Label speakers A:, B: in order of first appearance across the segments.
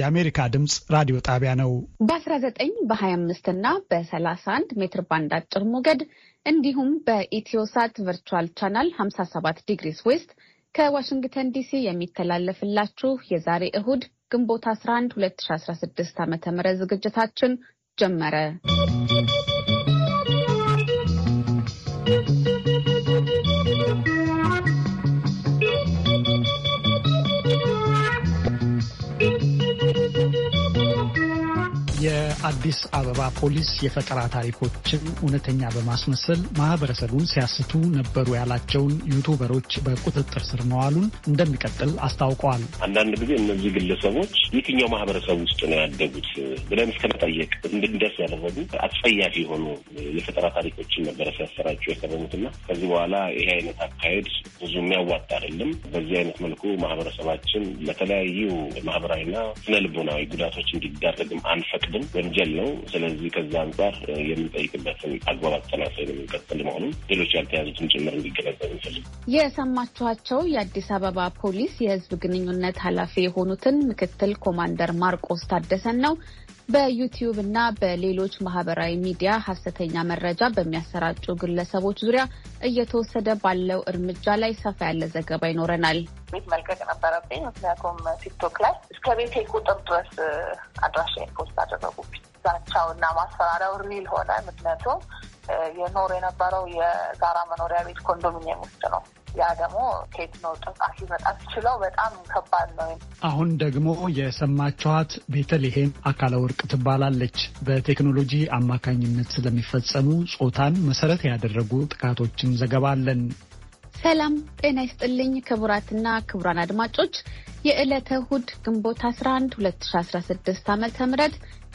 A: የአሜሪካ ድምፅ ራዲዮ ጣቢያ ነው።
B: በ19 በ25 እና በ31 ሜትር ባንድ አጭር ሞገድ እንዲሁም በኢትዮሳት ቨርቹዋል ቻናል 57 ዲግሪስ ዌስት ከዋሽንግተን ዲሲ የሚተላለፍላችሁ የዛሬ እሁድ ግንቦት 11 2016 ዓ ም ዝግጅታችን ጀመረ።
A: አዲስ አበባ ፖሊስ የፈጠራ ታሪኮችን እውነተኛ በማስመሰል ማህበረሰቡን ሲያስቱ ነበሩ ያላቸውን ዩቱበሮች በቁጥጥር ስር መዋሉን እንደሚቀጥል አስታውቀዋል።
C: አንዳንድ ጊዜ እነዚህ ግለሰቦች የትኛው ማህበረሰብ ውስጥ ነው ያደጉት ብለን እስከ መጠየቅ እንድንደርስ ያደረጉ አስጸያፊ የሆኑ የፈጠራ ታሪኮችን ነበረ ሲያሰራቸው የከረሙትና ከዚህ በኋላ ይሄ አይነት አካሄድ ብዙ የሚያዋጣ አይደለም። በዚህ አይነት መልኩ ማህበረሰባችን ለተለያዩ ማህበራዊና ስነልቦናዊ ጉዳቶች እንዲዳረግም አንፈቅድም። ወንጀል ነው። ስለዚህ ከዛ አንጻር የምንጠይቅበትን አግባብ አጠናሰ የምንቀጥል መሆኑን ሌሎች ያልተያዙትን ጭምር እንዲገነዘብ እንፈልግ።
B: የሰማችኋቸው የአዲስ አበባ ፖሊስ የህዝብ ግንኙነት ኃላፊ የሆኑትን ምክትል ኮማንደር ማርቆስ ታደሰን ነው። በዩቲዩብ እና በሌሎች ማህበራዊ ሚዲያ ሀሰተኛ መረጃ በሚያሰራጩ ግለሰቦች ዙሪያ እየተወሰደ ባለው እርምጃ ላይ ሰፋ ያለ ዘገባ ይኖረናል።
D: ቤት መልቀቅ ነበረብኝ። ምክንያቱም ቲክቶክ ላይ እስከ ቤቴ ቁጥር ድረስ አድራሻ ፖስት አደረጉብኝ። እና ማስፈራሪያው ሪል ሆነ። ምክንያቱም የኖር የነበረው የጋራ መኖሪያ ቤት ኮንዶሚኒየም ውስጥ ነው። ያ ደግሞ ኬት ነው ጥቃት ሊመጣ ችለው በጣም ከባድ ነው።
A: አሁን ደግሞ የሰማችኋት ቤተልሔም አካለ ወርቅ ትባላለች። በቴክኖሎጂ አማካኝነት ስለሚፈጸሙ ጾታን መሰረት ያደረጉ ጥቃቶችን ዘገባለን።
B: ሰላም ጤና ይስጥልኝ ክቡራትና ክቡራን አድማጮች የዕለተ እሁድ ግንቦት 11 2016 ዓ ም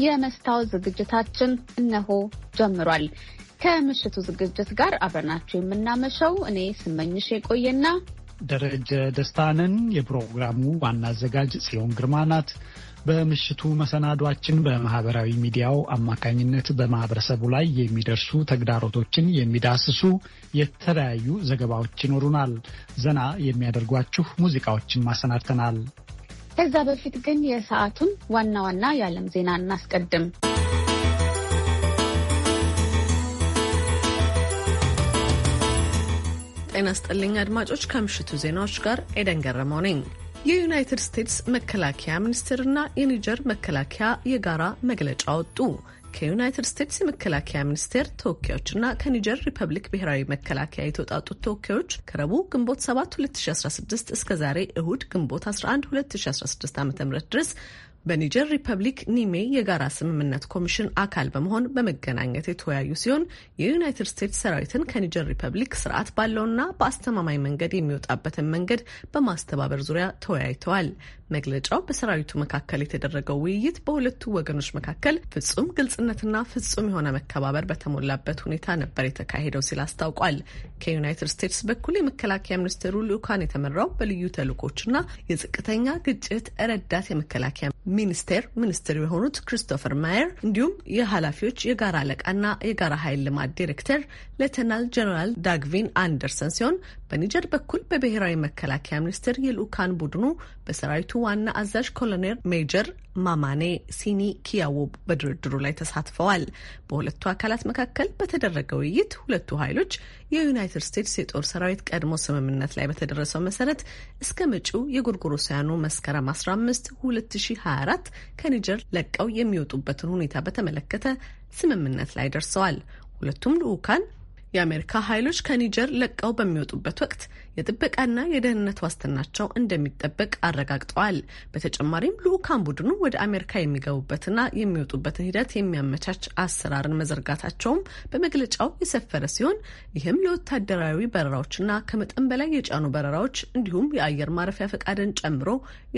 B: የመስታወት ዝግጅታችን እነሆ ጀምሯል። ከምሽቱ ዝግጅት ጋር አብረናችሁ የምናመሸው እኔ ስመኝሽ የቆየና
A: ደረጀ ደስታንን የፕሮግራሙ ዋና አዘጋጅ ጽዮን ግርማ ናት። በምሽቱ መሰናዷችን በማህበራዊ ሚዲያው አማካኝነት በማህበረሰቡ ላይ የሚደርሱ ተግዳሮቶችን የሚዳስሱ የተለያዩ ዘገባዎች ይኖሩናል። ዘና የሚያደርጓችሁ ሙዚቃዎችን ማሰናድተናል።
B: ከዛ በፊት ግን የሰዓቱን ዋና ዋና የዓለም ዜና እናስቀድም።
E: ጤና ይስጥልኝ አድማጮች፣ ከምሽቱ ዜናዎች ጋር ኤደን ገረመው ነኝ። የዩናይትድ ስቴትስ መከላከያ ሚኒስቴርና የኒጀር መከላከያ የጋራ መግለጫ ወጡ። ከዩናይትድ ስቴትስ የመከላከያ ሚኒስቴር ተወካዮችና ከኒጀር ሪፐብሊክ ብሔራዊ መከላከያ የተውጣጡት ተወካዮች ከረቡዕ ግንቦት 7 2016 እስከ ዛሬ እሁድ ግንቦት 11 2016 ዓ ም ድረስ በኒጀር ሪፐብሊክ ኒሜ የጋራ ስምምነት ኮሚሽን አካል በመሆን በመገናኘት የተወያዩ ሲሆን የዩናይትድ ስቴትስ ሰራዊትን ከኒጀር ሪፐብሊክ ስርዓት ባለውና በአስተማማኝ መንገድ የሚወጣበትን መንገድ በማስተባበር ዙሪያ ተወያይተዋል። መግለጫው በሰራዊቱ መካከል የተደረገው ውይይት በሁለቱ ወገኖች መካከል ፍጹም ግልጽነትና ፍጹም የሆነ መከባበር በተሞላበት ሁኔታ ነበር የተካሄደው ሲል አስታውቋል። ከዩናይትድ ስቴትስ በኩል የመከላከያ ሚኒስቴሩ ልዑካን የተመራው በልዩ ተልእኮችና የዝቅተኛ ግጭት ረዳት የመከላከያ ሚኒስቴር ሚኒስትር የሆኑት ክሪስቶፈር ማየር እንዲሁም የኃላፊዎች የጋራ አለቃና የጋራ ኃይል ልማት ዲሬክተር ሌተናል ጀነራል ዳግቪን አንደርሰን ሲሆን በኒጀር በኩል በብሔራዊ መከላከያ ሚኒስቴር የልኡካን ቡድኑ በሰራዊቱ ዋና አዛዥ ኮሎኔል ሜጀር ማማኔ ሲኒ ኪያዎ በድርድሩ ላይ ተሳትፈዋል። በሁለቱ አካላት መካከል በተደረገ ውይይት ሁለቱ ኃይሎች የዩናይትድ ስቴትስ የጦር ሰራዊት ቀድሞ ስምምነት ላይ በተደረሰው መሰረት እስከ መጪው የጎርጎሮሳውያኑ መስከረም 15 2024 ከኒጀር ለቀው የሚወጡበትን ሁኔታ በተመለከተ ስምምነት ላይ ደርሰዋል። ሁለቱም ልዑካን የአሜሪካ ኃይሎች ከኒጀር ለቀው በሚወጡበት ወቅት የጥበቃና የደህንነት ዋስትናቸው እንደሚጠበቅ አረጋግጠዋል። በተጨማሪም ልዑካን ቡድኑ ወደ አሜሪካ የሚገቡበትና የሚወጡበትን ሂደት የሚያመቻች አሰራርን መዘርጋታቸውም በመግለጫው የሰፈረ ሲሆን ይህም ለወታደራዊ በረራዎችና ከመጠን በላይ የጫኑ በረራዎች እንዲሁም የአየር ማረፊያ ፈቃድን ጨምሮ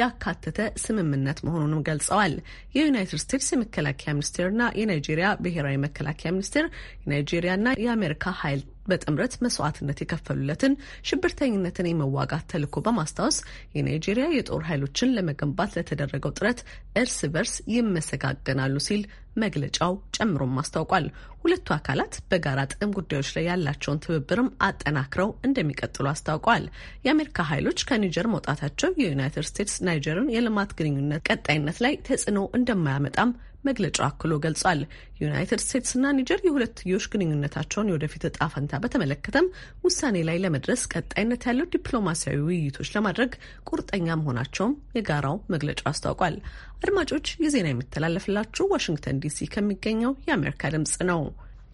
E: ያካተተ ስምምነት መሆኑንም ገልጸዋል። የዩናይትድ ስቴትስ የመከላከያ ሚኒስቴርና የናይጄሪያ ብሔራዊ መከላከያ ሚኒስቴር የናይጄሪያና የአሜሪካ ኃይል በጥምረት መስዋዕትነት የከፈሉለትን ሽብርተኝነትን የመዋጋት ተልዕኮ በማስታወስ የናይጄሪያ የጦር ኃይሎችን ለመገንባት ለተደረገው ጥረት እርስ በርስ ይመሰጋገናሉ ሲል መግለጫው ጨምሮም አስታውቋል። ሁለቱ አካላት በጋራ ጥቅም ጉዳዮች ላይ ያላቸውን ትብብርም አጠናክረው እንደሚቀጥሉ አስታውቀዋል። የአሜሪካ ኃይሎች ከኒጀር መውጣታቸው የዩናይትድ ስቴትስ ናይጀርን የልማት ግንኙነት ቀጣይነት ላይ ተጽዕኖ እንደማያመጣም መግለጫው አክሎ ገልጿል። ዩናይትድ ስቴትስና ኒጀር የሁለትዮሽ ግንኙነታቸውን የወደፊት እጣ ፈንታ በተመለከተም ውሳኔ ላይ ለመድረስ ቀጣይነት ያለው ዲፕሎማሲያዊ ውይይቶች ለማድረግ ቁርጠኛ መሆናቸውም የጋራው መግለጫው አስታውቋል። አድማጮች፣ የዜና የሚተላለፍላችሁ ዋሽንግተን ዲሲ ከሚገኘው የአሜሪካ ድምጽ ነው።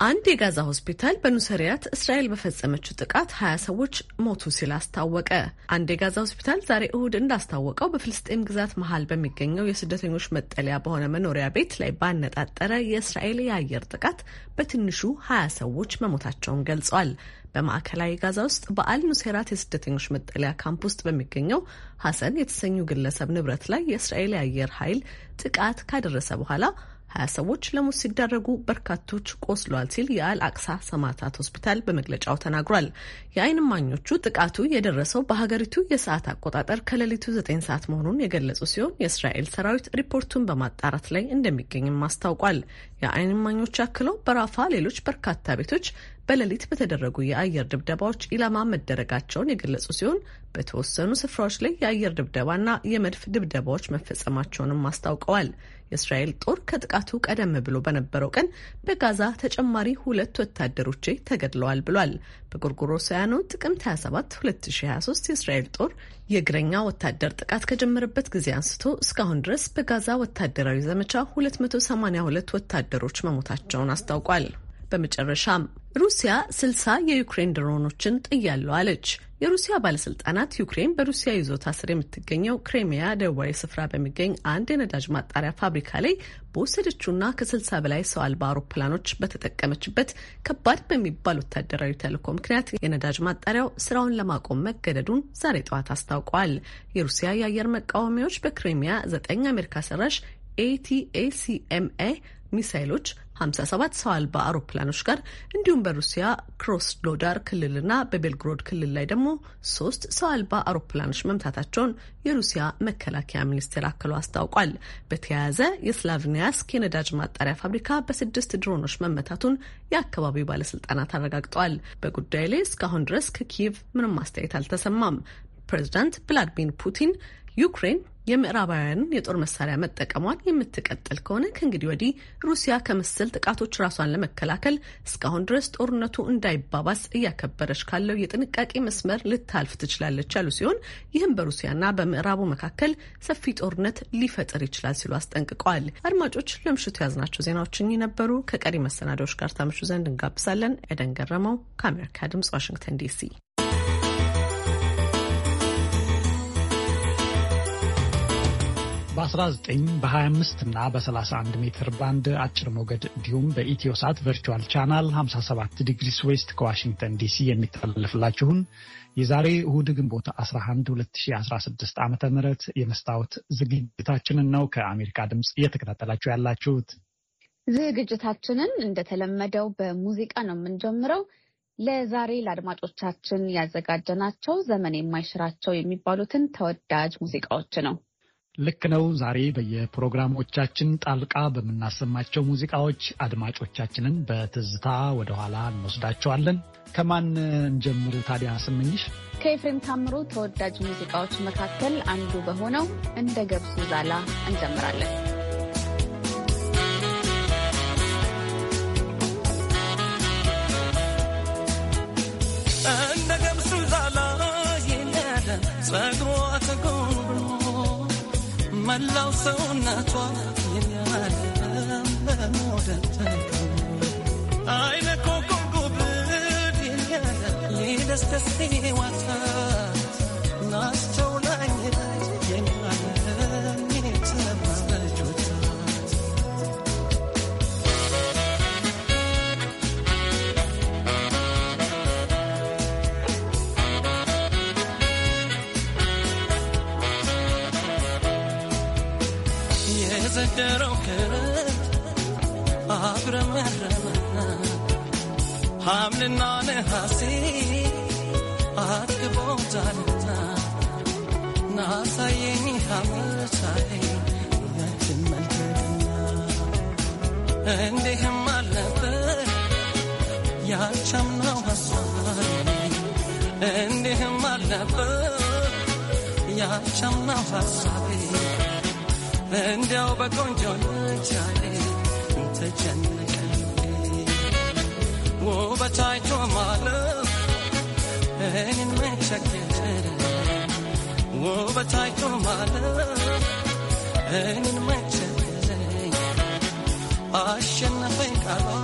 E: አንድ የጋዛ ሆስፒታል በኑሰሪያት እስራኤል በፈጸመችው ጥቃት ሀያ ሰዎች ሞቱ ሲል አስታወቀ። አንድ የጋዛ ሆስፒታል ዛሬ እሁድ እንዳስታወቀው በፍልስጤም ግዛት መሀል በሚገኘው የስደተኞች መጠለያ በሆነ መኖሪያ ቤት ላይ ባነጣጠረ የእስራኤል የአየር ጥቃት በትንሹ ሀያ ሰዎች መሞታቸውን ገልጿል። በማዕከላዊ ጋዛ ውስጥ በአል ኑሴራት የስደተኞች መጠለያ ካምፕ ውስጥ በሚገኘው ሀሰን የተሰኙ ግለሰብ ንብረት ላይ የእስራኤል የአየር ኃይል ጥቃት ካደረሰ በኋላ ሀያ ሰዎች ለሞት ሲዳረጉ በርካቶች ቆስሏል ሲል የአል አቅሳ ሰማዕታት ሆስፒታል በመግለጫው ተናግሯል። የአይን ማኞቹ ጥቃቱ የደረሰው በሀገሪቱ የሰዓት አቆጣጠር ከሌሊቱ ዘጠኝ ሰዓት መሆኑን የገለጹ ሲሆን የእስራኤል ሰራዊት ሪፖርቱን በማጣራት ላይ እንደሚገኝም አስታውቋል። የአይን ማኞች አክለው በራፋ ሌሎች በርካታ ቤቶች በሌሊት በተደረጉ የአየር ድብደባዎች ኢላማ መደረጋቸውን የገለጹ ሲሆን በተወሰኑ ስፍራዎች ላይ የአየር ድብደባና የመድፍ ድብደባዎች መፈጸማቸውንም አስታውቀዋል። የእስራኤል ጦር ከጥቃቱ ቀደም ብሎ በነበረው ቀን በጋዛ ተጨማሪ ሁለት ወታደሮቼ ተገድለዋል ብሏል። በጎርጎሮሳውያኑ ጥቅምት 27 2023 የእስራኤል ጦር የእግረኛ ወታደር ጥቃት ከጀመረበት ጊዜ አንስቶ እስካሁን ድረስ በጋዛ ወታደራዊ ዘመቻ 282 ወታደሮች መሞታቸውን አስታውቋል። በመጨረሻም ሩሲያ ስልሳ የዩክሬን ድሮኖችን ጥያለው አለች። የሩሲያ ባለስልጣናት ዩክሬን በሩሲያ ይዞታ ስር የምትገኘው ክሬሚያ ደቡባዊ ስፍራ በሚገኝ አንድ የነዳጅ ማጣሪያ ፋብሪካ ላይ በወሰደችውና ከስልሳ በላይ ሰው አልባ አውሮፕላኖች በተጠቀመችበት ከባድ በሚባል ወታደራዊ ተልእኮ ምክንያት የነዳጅ ማጣሪያው ስራውን ለማቆም መገደዱን ዛሬ ጠዋት አስታውቋል። የሩሲያ የአየር መቃወሚያዎች በክሬሚያ ዘጠኝ አሜሪካ ሰራሽ ኤቲኤሲኤምኤ ሚሳይሎች 57 ሰው አልባ አውሮፕላኖች ጋር እንዲሁም በሩሲያ ክሮስ ሎዳር ክልልና በቤልግሮድ ክልል ላይ ደግሞ ሶስት ሰው አልባ አውሮፕላኖች መምታታቸውን የሩሲያ መከላከያ ሚኒስቴር አክሎ አስታውቋል። በተያያዘ የስላቭኒያስክ የነዳጅ ማጣሪያ ፋብሪካ በስድስት ድሮኖች መመታቱን የአካባቢው ባለስልጣናት አረጋግጠዋል። በጉዳዩ ላይ እስካሁን ድረስ ከኪየቭ ምንም አስተያየት አልተሰማም። ፕሬዚዳንት ቭላድሚር ፑቲን ዩክሬን የምዕራባውያንን የጦር መሳሪያ መጠቀሟን የምትቀጥል ከሆነ ከእንግዲህ ወዲህ ሩሲያ ከመሰል ጥቃቶች ራሷን ለመከላከል እስካሁን ድረስ ጦርነቱ እንዳይባባስ እያከበረች ካለው የጥንቃቄ መስመር ልታልፍ ትችላለች ያሉ ሲሆን ይህም በሩሲያና በምዕራቡ መካከል ሰፊ ጦርነት ሊፈጥር ይችላል ሲሉ አስጠንቅቀዋል። አድማጮች፣ ለምሽቱ የያዝናቸው ዜናዎችን ነበሩ ከቀሪ መሰናዳዎች ጋር ታምሹ ዘንድ እንጋብዛለን። ኤደን ገረመው ከአሜሪካ ድምጽ ዋሽንግተን ዲሲ
A: በ19 በ25 እና በ31 ሜትር ባንድ አጭር ሞገድ እንዲሁም በኢትዮ ሳት ቨርቹዋል ቻናል 57 ዲግሪስ ዌስት ከዋሽንግተን ዲሲ የሚተላለፍላችሁን የዛሬ እሁድ ግንቦት 11 2016 ዓ ም የመስታወት ዝግጅታችንን ነው ከአሜሪካ ድምፅ እየተከታተላችሁ ያላችሁት።
B: ዝግጅታችንን እንደተለመደው በሙዚቃ ነው የምንጀምረው። ለዛሬ ለአድማጮቻችን ያዘጋጀናቸው ዘመን የማይሽራቸው የሚባሉትን ተወዳጅ ሙዚቃዎች ነው።
A: ልክ ነው። ዛሬ በየፕሮግራሞቻችን ጣልቃ በምናሰማቸው ሙዚቃዎች አድማጮቻችንን በትዝታ ወደኋላ እንወስዳቸዋለን። ከማን እንጀምሩ ታዲያ ስምኝሽ?
B: ከኤፍሬም ታምሩ ተወዳጅ ሙዚቃዎች መካከል አንዱ በሆነው እንደ ገብሱ ዛላ እንጀምራለን።
F: እንደ ገብሱ ዛላ መላው ሰውነቷ አይነ ኮኮብ ሐምልና ነሐሴ አትክቦታልና ናሳየኝ ሐምርታዬ ያንቺን መንገድና እንዲህም አልነበር ያቻምናው ሐሳብ እንዲህም አልነበር ያቻምናው ሐሳቤ እንዲያው በቆንጆ ልቻሌ ተጀነ but I draw my love and it makes a kid. Oh, but I draw my love and it makes a kid. I shouldn't think I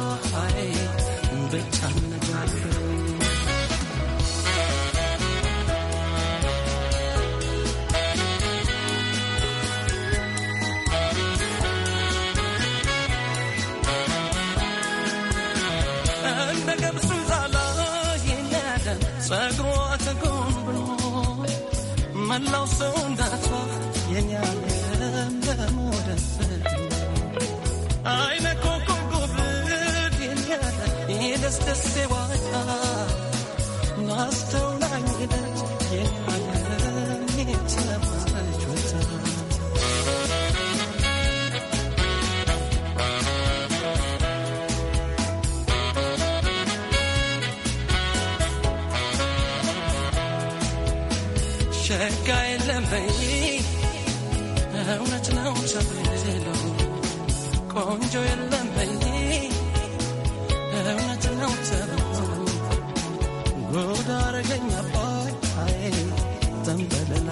F: መላው ሰው እንዳትፈር የኛ ዓለም ለመውደድ አይነ ኮኮብ የኛ የደስደሴ ዋጫ ናስተው እውነት ነው ሰው ቆንጆ የለም እውነት ነው ሰው ጎዳ አረገኝ አባይ ተንበለላ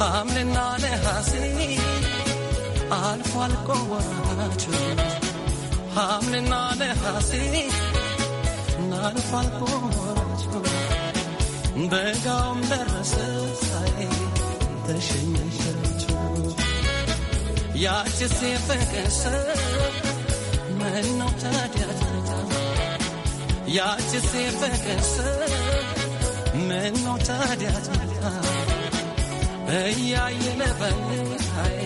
F: ሐምሌና ነሐሴ አልፎ አልቆ ወራቸው ሐምሌና ነሐሴ አልፎ አልቆ በጋውም ደረሰ ፀሐይ ተሸኘሸችው ያችስ የፈቀሰ ምነው ታዲያ ታታ ያችስ የፈቀሰ ምነው ታዲያ ታታ እያየለ በላይ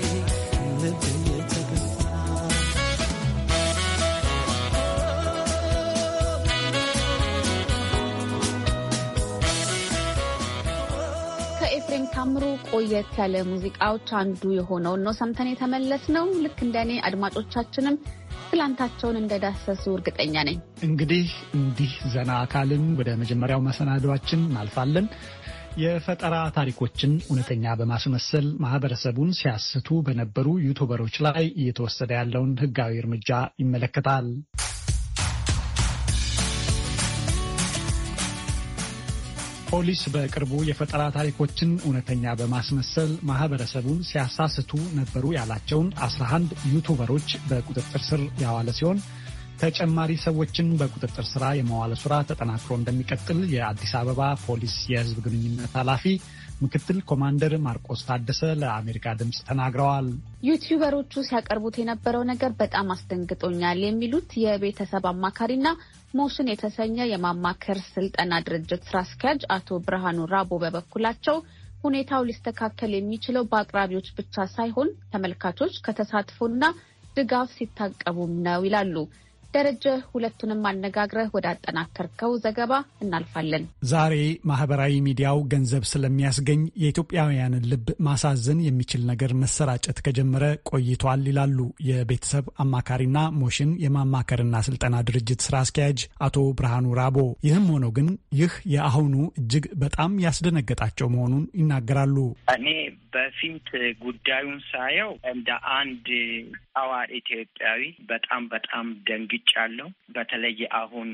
B: ከሚያምሩ ቆየት ያለ ሙዚቃዎች አንዱ የሆነውን ነው ሰምተን የተመለስ ነው። ልክ እንደ እኔ አድማጮቻችንም ትላንታቸውን እንደዳሰሱ እርግጠኛ ነኝ።
A: እንግዲህ እንዲህ ዘና አካልን ወደ መጀመሪያው መሰናዷችን እናልፋለን። የፈጠራ ታሪኮችን እውነተኛ በማስመሰል ማህበረሰቡን ሲያስቱ በነበሩ ዩቱበሮች ላይ እየተወሰደ ያለውን ሕጋዊ እርምጃ ይመለከታል። ፖሊስ በቅርቡ የፈጠራ ታሪኮችን እውነተኛ በማስመሰል ማህበረሰቡን ሲያሳስቱ ነበሩ ያላቸውን 11 ዩቱበሮች በቁጥጥር ስር ያዋለ ሲሆን ተጨማሪ ሰዎችን በቁጥጥር ስራ የመዋለ ስራ ተጠናክሮ እንደሚቀጥል የአዲስ አበባ ፖሊስ የህዝብ ግንኙነት ኃላፊ ምክትል ኮማንደር ማርቆስ ታደሰ ለአሜሪካ ድምፅ ተናግረዋል።
B: ዩቲዩበሮቹ ሲያቀርቡት የነበረው ነገር በጣም አስደንግጦኛል የሚሉት የቤተሰብ አማካሪና ሞሽን የተሰኘ የማማከር ስልጠና ድርጅት ስራ አስኪያጅ አቶ ብርሃኑ ራቦ በበኩላቸው ሁኔታው ሊስተካከል የሚችለው በአቅራቢዎች ብቻ ሳይሆን ተመልካቾች ከተሳትፎና ድጋፍ ሲታቀቡም ነው ይላሉ። ደረጀ ሁለቱንም አነጋግረህ ወደ አጠናከርከው ዘገባ እናልፋለን።
A: ዛሬ ማህበራዊ ሚዲያው ገንዘብ ስለሚያስገኝ የኢትዮጵያውያንን ልብ ማሳዘን የሚችል ነገር መሰራጨት ከጀመረ ቆይቷል ይላሉ የቤተሰብ አማካሪና ሞሽን የማማከርና ስልጠና ድርጅት ስራ አስኪያጅ አቶ ብርሃኑ ራቦ። ይህም ሆኖ ግን ይህ የአሁኑ እጅግ በጣም ያስደነገጣቸው መሆኑን ይናገራሉ።
G: እኔ በፊት
H: ጉዳዩን ሳየው እንደ አንድ አዋር ኢትዮጵያዊ በጣም በጣም ደንግ ቆይቻለሁ። በተለይ አሁን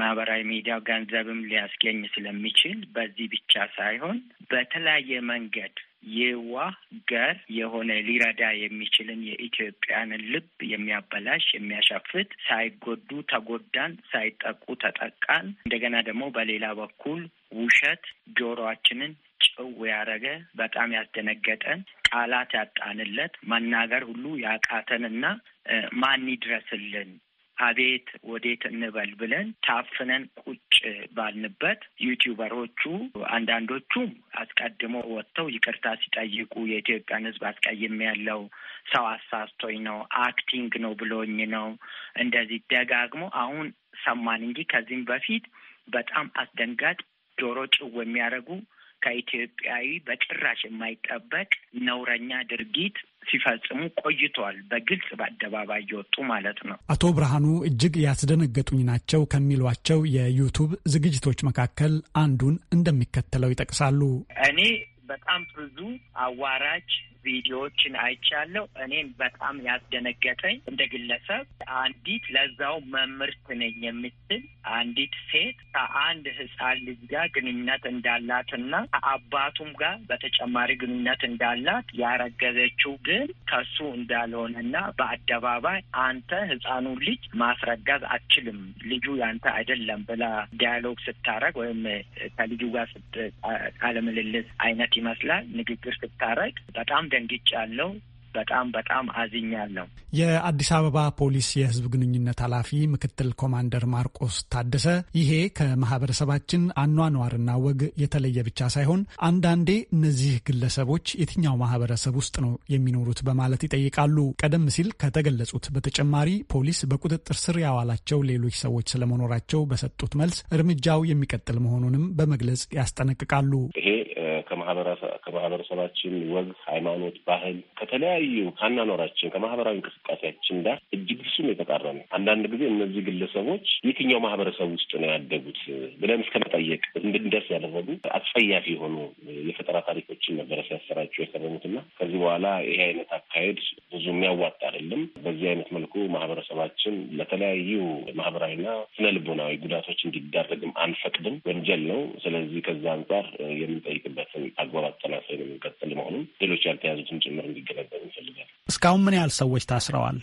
H: ማህበራዊ ሚዲያ ገንዘብም ሊያስገኝ ስለሚችል በዚህ ብቻ ሳይሆን በተለያየ መንገድ የዋ ገር የሆነ ሊረዳ የሚችልን የኢትዮጵያንን ልብ የሚያበላሽ የሚያሻፍት ሳይጎዱ ተጎዳን፣ ሳይጠቁ ተጠቃን። እንደገና ደግሞ በሌላ በኩል ውሸት ጆሮአችንን ጭው ያደረገ በጣም ያስደነገጠን ቃላት ያጣንለት መናገር ሁሉ ያቃተንና ማን ይድረስልን አቤት ወዴት እንበል ብለን ታፍነን ቁጭ ባልንበት ዩቲዩበሮቹ አንዳንዶቹም አስቀድሞ ወጥተው ይቅርታ ሲጠይቁ የኢትዮጵያን ሕዝብ አስቀይም ያለው ሰው አሳስቶኝ ነው፣ አክቲንግ ነው ብሎኝ ነው እንደዚህ ደጋግሞ አሁን ሰማን እንጂ ከዚህም በፊት በጣም አስደንጋጭ ጆሮ ጭው የሚያደርጉ ከኢትዮጵያዊ በጭራሽ የማይጠበቅ ነውረኛ ድርጊት ሲፈጽሙ ቆይተዋል። በግልጽ በአደባባይ የወጡ ማለት ነው።
A: አቶ ብርሃኑ እጅግ ያስደነገጡኝ ናቸው ከሚሏቸው የዩቱብ ዝግጅቶች መካከል አንዱን እንደሚከተለው ይጠቅሳሉ።
H: እኔ በጣም ብዙ አዋራጅ ቪዲዮዎችን አይቻለሁ። እኔም በጣም ያስደነገጠኝ እንደ ግለሰብ አንዲት ለዛው መምህርት ነኝ የምትል አንዲት ሴት ከአንድ ህፃን ልጅ ጋር ግንኙነት እንዳላትና ከአባቱም ጋር በተጨማሪ ግንኙነት እንዳላት ያረገዘችው ግን ከሱ እንዳልሆነና በአደባባይ አንተ ሕፃኑ ልጅ ማስረገዝ አችልም ልጁ ያንተ አይደለም ብላ ዲያሎግ ስታረግ ወይም ከልጁ ጋር ቃለ አይነት ይመስላል ንግግር ስታረግ በጣም ደንግጫለሁ። በጣም በጣም አዝኛለሁ።
A: የአዲስ አበባ ፖሊስ የህዝብ ግንኙነት ኃላፊ ምክትል ኮማንደር ማርቆስ ታደሰ ይሄ ከማህበረሰባችን አኗኗርና ወግ የተለየ ብቻ ሳይሆን አንዳንዴ እነዚህ ግለሰቦች የትኛው ማህበረሰብ ውስጥ ነው የሚኖሩት በማለት ይጠይቃሉ። ቀደም ሲል ከተገለጹት በተጨማሪ ፖሊስ በቁጥጥር ስር ያዋላቸው ሌሎች ሰዎች ስለመኖራቸው በሰጡት መልስ እርምጃው የሚቀጥል መሆኑንም በመግለጽ ያስጠነቅቃሉ።
C: ይሄ ከማህበረሰባችን ወግ፣ ሃይማኖት፣ ባህል ከተለያዩ ከተለያዩ አናኖራችን ከማህበራዊ እንቅስቃሴያችን ጋር እጅግ ፍጹም የተቃረነ አንዳንድ ጊዜ እነዚህ ግለሰቦች የትኛው ማህበረሰብ ውስጥ ነው ያደጉት ብለን እስከ መጠየቅ እንድንደርስ ያደረጉ አስጸያፊ የሆኑ የፈጠራ ታሪኮችን ነበረ ሲያሰራጩ የከረሙትና ከዚህ በኋላ ይሄ አይነት አካሄድ ብዙ የሚያዋጣ አይደለም። በዚህ አይነት መልኩ ማህበረሰባችን ለተለያዩ ማህበራዊና ስነ ልቦናዊ ጉዳቶች እንዲዳረግም አንፈቅድም፣ ወንጀል ነው። ስለዚህ ከዛ አንጻር የምንጠይቅበትን አግባብ አጠናክረን የምንቀጥል መሆኑን ሌሎች ያልተያዙትን ጭምር እንዲገነዘቡ
A: እንፈልጋለን። እስካሁን ምን ያህል ሰዎች ታስረዋል?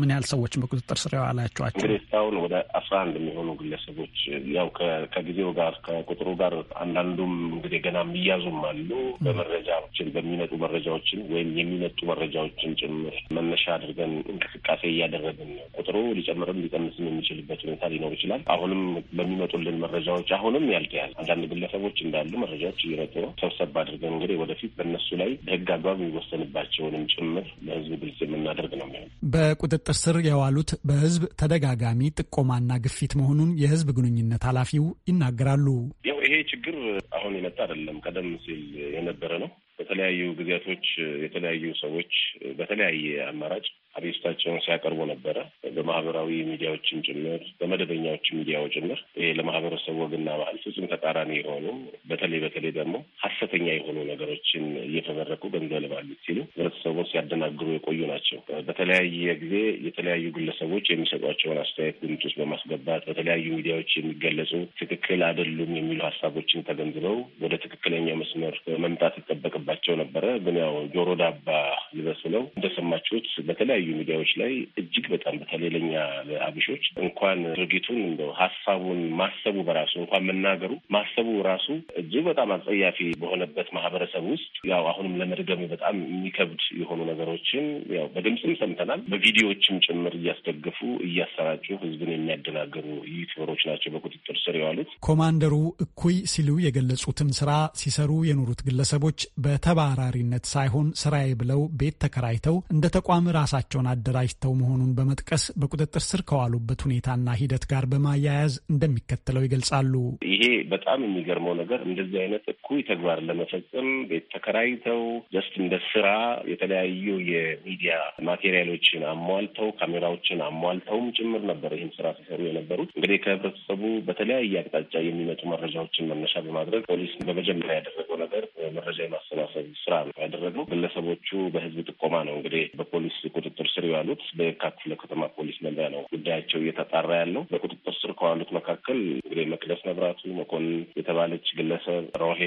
A: ምን ያህል ሰዎች በቁጥጥር ስር ያዋላችኋቸው? እንግዲህ
C: እስካሁን ወደ አስራ አንድ የሚሆኑ ግለሰቦች ያው ከጊዜው ጋር ከቁጥሩ ጋር አንዳንዱም እንግዲህ ገና የሚያዙም አሉ። በመረጃዎችን በሚመጡ መረጃዎችን ወይም የሚመጡ መረጃዎችን ጭምር መነሻ አድርገን እንቅስቃሴ እያደረግን ነው። ቁጥሩ ሊጨምርም ሊቀንስም የሚችልበት ሁኔታ ሊኖር ይችላል። አሁንም በሚመጡልን መረጃዎች አሁንም ያልቀያል አንዳንድ ግለሰቦች እንዳሉ መረጃዎች እየመጡ ነው። ሰብሰብ አድርገን እንግዲህ ወደፊት በእነሱ ላይ በህግ አግባብ የሚወሰንባቸውንም ጭምር ለህዝቡ ግልጽ የምናደርግ ነው የሚሆነው።
A: በቁጥጥር ስር የዋሉት በህዝብ ተደጋጋሚ ጥቆማና ግፊት መሆኑን የህዝብ ግንኙነት ኃላፊው ይናገራሉ።
C: ያው ይሄ ችግር አሁን የመጣ አይደለም፣ ቀደም ሲል የነበረ ነው። በተለያዩ ጊዜያቶች የተለያዩ ሰዎች በተለያየ አማራጭ አቤቱታቸውን ሲያቀርቡ ነበረ። በማህበራዊ ሚዲያዎችም ጭምር በመደበኛዎች ሚዲያው ጭምር ይሄ ለማህበረሰቡ ወግና ባህል ፍጹም ተቃራኒ የሆኑ በተለይ በተለይ ደግሞ ሀሰተኛ የሆኑ ነገሮችን እየተበረኩ ገንዘብ ሲሉ ህብረተሰቡን ሲያደናግሩ የቆዩ ናቸው። በተለያየ ጊዜ የተለያዩ ግለሰቦች የሚሰጧቸውን አስተያየት ግምት ውስጥ በማስገባት በተለያዩ ሚዲያዎች የሚገለጹ ትክክል አይደሉም የሚሉ ሀሳቦችን ተገንዝበው ወደ ትክክለኛ መስመር መምጣት ይጠበቅባቸው ነበረ። ግን ያው ጆሮ ዳባ ይበስ እንደሰማችሁት በተለያዩ በተለያዩ ሚዲያዎች ላይ እጅግ በጣም በተለይ ለኛ እንኳን ድርጊቱን እንደው ሀሳቡን ማሰቡ በራሱ እንኳን መናገሩ ማሰቡ ራሱ እጅግ በጣም አጸያፊ በሆነበት ማህበረሰብ ውስጥ ያው አሁንም ለመድገሙ በጣም የሚከብድ የሆኑ ነገሮችን ያው በድምፅም ሰምተናል፣ በቪዲዮዎችም ጭምር እያስደገፉ እያሰራጩ ህዝብን የሚያደናገሩ ዩቲዩበሮች ናቸው በቁጥጥር ስር የዋሉት።
A: ኮማንደሩ እኩይ ሲሉ የገለጹትን ስራ ሲሰሩ የኖሩት ግለሰቦች በተባራሪነት ሳይሆን ስራዬ ብለው ቤት ተከራይተው እንደ ተቋም ራሳቸው ራሳቸውን አደራጅተው መሆኑን በመጥቀስ በቁጥጥር ስር ከዋሉበት ሁኔታና ሂደት ጋር በማያያዝ እንደሚከተለው ይገልጻሉ።
C: ይሄ በጣም የሚገርመው ነገር እንደዚህ አይነት እኩይ ተግባር ለመፈጸም ቤት ተከራይተው ጀስት እንደ ስራ የተለያዩ የሚዲያ ማቴሪያሎችን አሟልተው ካሜራዎችን አሟልተውም ጭምር ነበር ይህን ስራ ሲሰሩ የነበሩት። እንግዲህ ከህብረተሰቡ በተለያየ አቅጣጫ የሚመጡ መረጃዎችን መነሻ በማድረግ ፖሊስ በመጀመሪያ ያደረገው ነገር መረጃ የማሰባሰብ ስራ ነው ያደረገው። ግለሰቦቹ በህዝብ ጥቆማ ነው እንግዲህ በፖሊስ ቁጥጥር በቁጥጥር ስር ያሉት በየካ ከተማ ፖሊስ መምሪያ ነው ጉዳያቸው እየተጣራ ያለው። በቁጥጥር ስር ከዋሉት መካከል እንግዲህ መቅደስ መብራቱ መኮንን የተባለች ግለሰብ፣ ሮሄ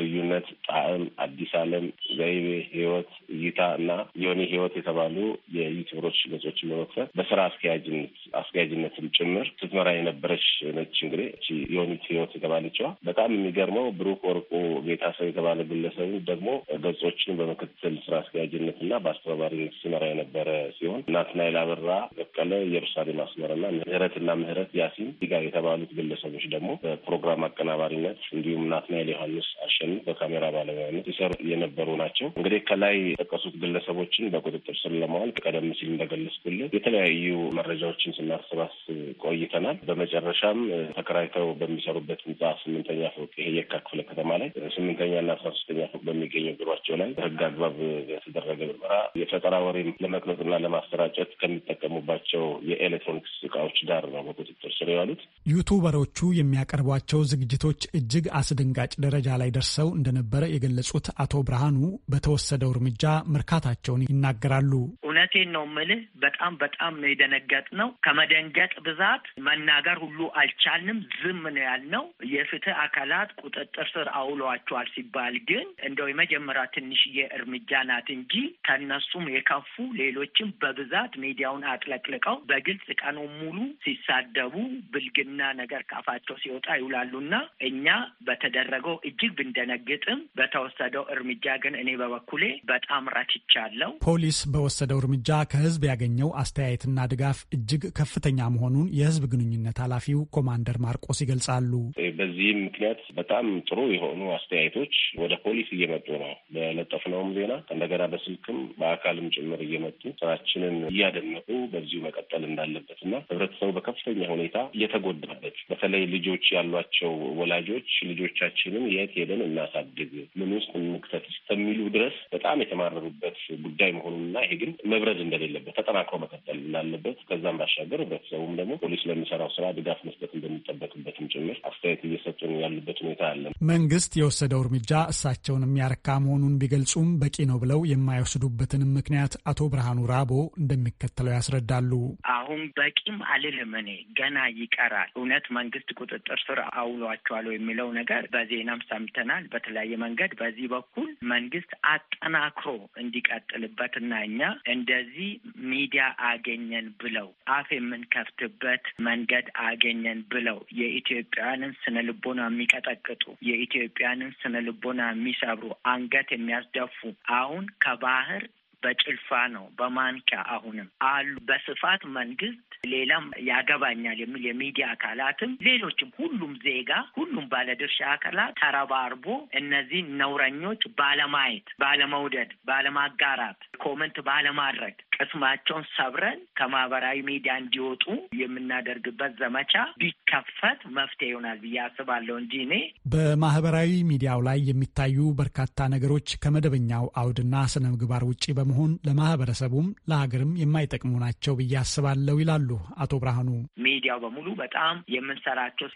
C: ልዩነት፣ ጣዕም፣ አዲስ አለም፣ ዘይቤ ህይወት፣ እይታ እና ዮኒ ህይወት የተባሉ የዩቲዩበሮች ገጾችን በመክፈት በስራ አስኪያጅነት አስኪያጅነትም ጭምር ስትመራ የነበረች ነች። እንግዲህ ዮኒ ህይወት የተባለችዋ በጣም የሚገርመው ብሩክ ወርቁ ጌታሰው የተባለ ግለሰብ ደግሞ ገጾችን በምክትል ስራ አስኪያጅነት እና በአስተባባሪነት ሲመራ የነበረ የነበረ ሲሆን ናትናኤል አበራ፣ በቀለ ኢየሩሳሌም ማስመርና ምህረትና ምህረት ያሲን ጋር የተባሉት ግለሰቦች ደግሞ በፕሮግራም አቀናባሪነት እንዲሁም ናትናኤል ዮሐንስ አሸንፍ በካሜራ ባለሙያነት ይሰሩ የነበሩ ናቸው። እንግዲህ ከላይ የጠቀሱት ግለሰቦችን በቁጥጥር ስር ለማዋል ቀደም ሲል እንደገለጽኩልን የተለያዩ መረጃዎችን ስናሰባስብ ቆይተናል። በመጨረሻም ተከራይተው በሚሰሩበት ህንጻ ስምንተኛ ፎቅ ይሄ የካ ክፍለ ከተማ ላይ ስምንተኛና አስራ ሶስተኛ ፎቅ በሚገኘው ቢሯቸው ላይ በህግ አግባብ የተደረገ ምርመራ የፈጠራ ወሬ ለመቅረጽ ለማስቀመጥና ለማሰራጨት ከሚጠቀሙባቸው የኤሌክትሮኒክስ እቃዎች ዳር ነው በቁጥጥር ስር የዋሉት።
A: ዩቱበሮቹ የሚያቀርቧቸው ዝግጅቶች እጅግ አስደንጋጭ ደረጃ ላይ ደርሰው እንደነበረ የገለጹት አቶ ብርሃኑ በተወሰደው እርምጃ መርካታቸውን ይናገራሉ።
H: እውነቴን ነው ምልህ በጣም በጣም ነው የደነገጥ ነው። ከመደንገጥ ብዛት መናገር ሁሉ አልቻልንም። ዝም ነው ያልነው። የፍትህ አካላት ቁጥጥር ስር አውሏቸዋል ሲባል ግን እንደው የመጀመሪያ ትንሽዬ እርምጃ ናት እንጂ ከነሱም የከፉ ሌሎች ሰዎችም በብዛት ሚዲያውን አጥለቅልቀው በግልጽ ቀኑን ሙሉ ሲሳደቡ ብልግና ነገር ካፋቸው ሲወጣ ይውላሉና እኛ በተደረገው እጅግ ብንደነግጥም በተወሰደው እርምጃ ግን እኔ በበኩሌ በጣም
C: ረክቻለሁ።
A: ፖሊስ በወሰደው እርምጃ ከህዝብ ያገኘው አስተያየትና ድጋፍ እጅግ ከፍተኛ መሆኑን የህዝብ ግንኙነት ኃላፊው ኮማንደር ማርቆስ ይገልጻሉ።
C: በዚህም ምክንያት በጣም ጥሩ የሆኑ አስተያየቶች ወደ ፖሊስ እየመጡ ነው። በለጠፍነውም ዜና እንደገና በስልክም በአካልም ጭምር እየመጡ ስራችንን እያደነቁ በዚሁ መቀጠል እንዳለበት እና ህብረተሰቡ በከፍተኛ ሁኔታ እየተጎዳበት በተለይ ልጆች ያሏቸው ወላጆች ልጆቻችንን የት ሄደን እናሳድግ፣ ምን ውስጥ እንክተት እስከሚሉ ድረስ በጣም የተማረሩበት ጉዳይ መሆኑንና ይሄ ግን መብረዝ እንደሌለበት ተጠናክሮ መቀጠል እንዳለበት ከዛም ባሻገር ህብረተሰቡም ደግሞ ፖሊስ ለሚሰራው ስራ ድጋፍ መስጠት እንደሚጠበቅበትም ጭምር አስተያየት እየሰጡ ያሉበት ሁኔታ አለ።
A: መንግስት የወሰደው እርምጃ እሳቸውን የሚያረካ መሆኑን ቢገልጹም በቂ ነው ብለው የማይወስዱበትንም ምክንያት አቶ ብርሃኑ ራቦ እንደሚከተለው ያስረዳሉ።
H: አሁን በቂም አልልም እኔ ገና ይቀራል። እውነት መንግስት ቁጥጥር ስር አውሏቸዋል የሚለው ነገር በዜናም ሰምተናል። በተለያየ መንገድ በዚህ በኩል መንግስት አጠናክሮ እንዲቀጥልበትና እኛ እንደዚህ ሚዲያ አገኘን ብለው አፍ የምንከፍትበት መንገድ አገኘን ብለው የኢትዮጵያንን ስነ ልቦና የሚቀጠቅጡ የኢትዮጵያንን ስነ ልቦና የሚሰብሩ አንገት የሚያስደፉ አሁን ከባህር በጭልፋ ነው፣ በማንኪያ አሁንም አሉ በስፋት መንግስት፣ ሌላም ያገባኛል የሚል የሚዲያ አካላትም፣ ሌሎችም ሁሉም ዜጋ፣ ሁሉም ባለድርሻ አካላት ተረባርቦ እነዚህ ነውረኞች ባለማየት፣ ባለመውደድ፣ ባለማጋራት፣ ኮመንት ባለማድረግ ቅስማቸውን ሰብረን ከማህበራዊ ሚዲያ እንዲወጡ የምናደርግበት ዘመቻ ቢከፈት መፍትሄ ይሆናል ብዬ አስባለሁ እንጂ እኔ
A: በማህበራዊ ሚዲያው ላይ የሚታዩ በርካታ ነገሮች ከመደበኛው አውድና ስነ ምግባር ውጭ በመሆን ለማህበረሰቡም ለሀገርም የማይጠቅሙ ናቸው ብዬ አስባለሁ ይላሉ አቶ ብርሃኑ።
H: ሚዲያው በሙሉ በጣም የምንሰራቸው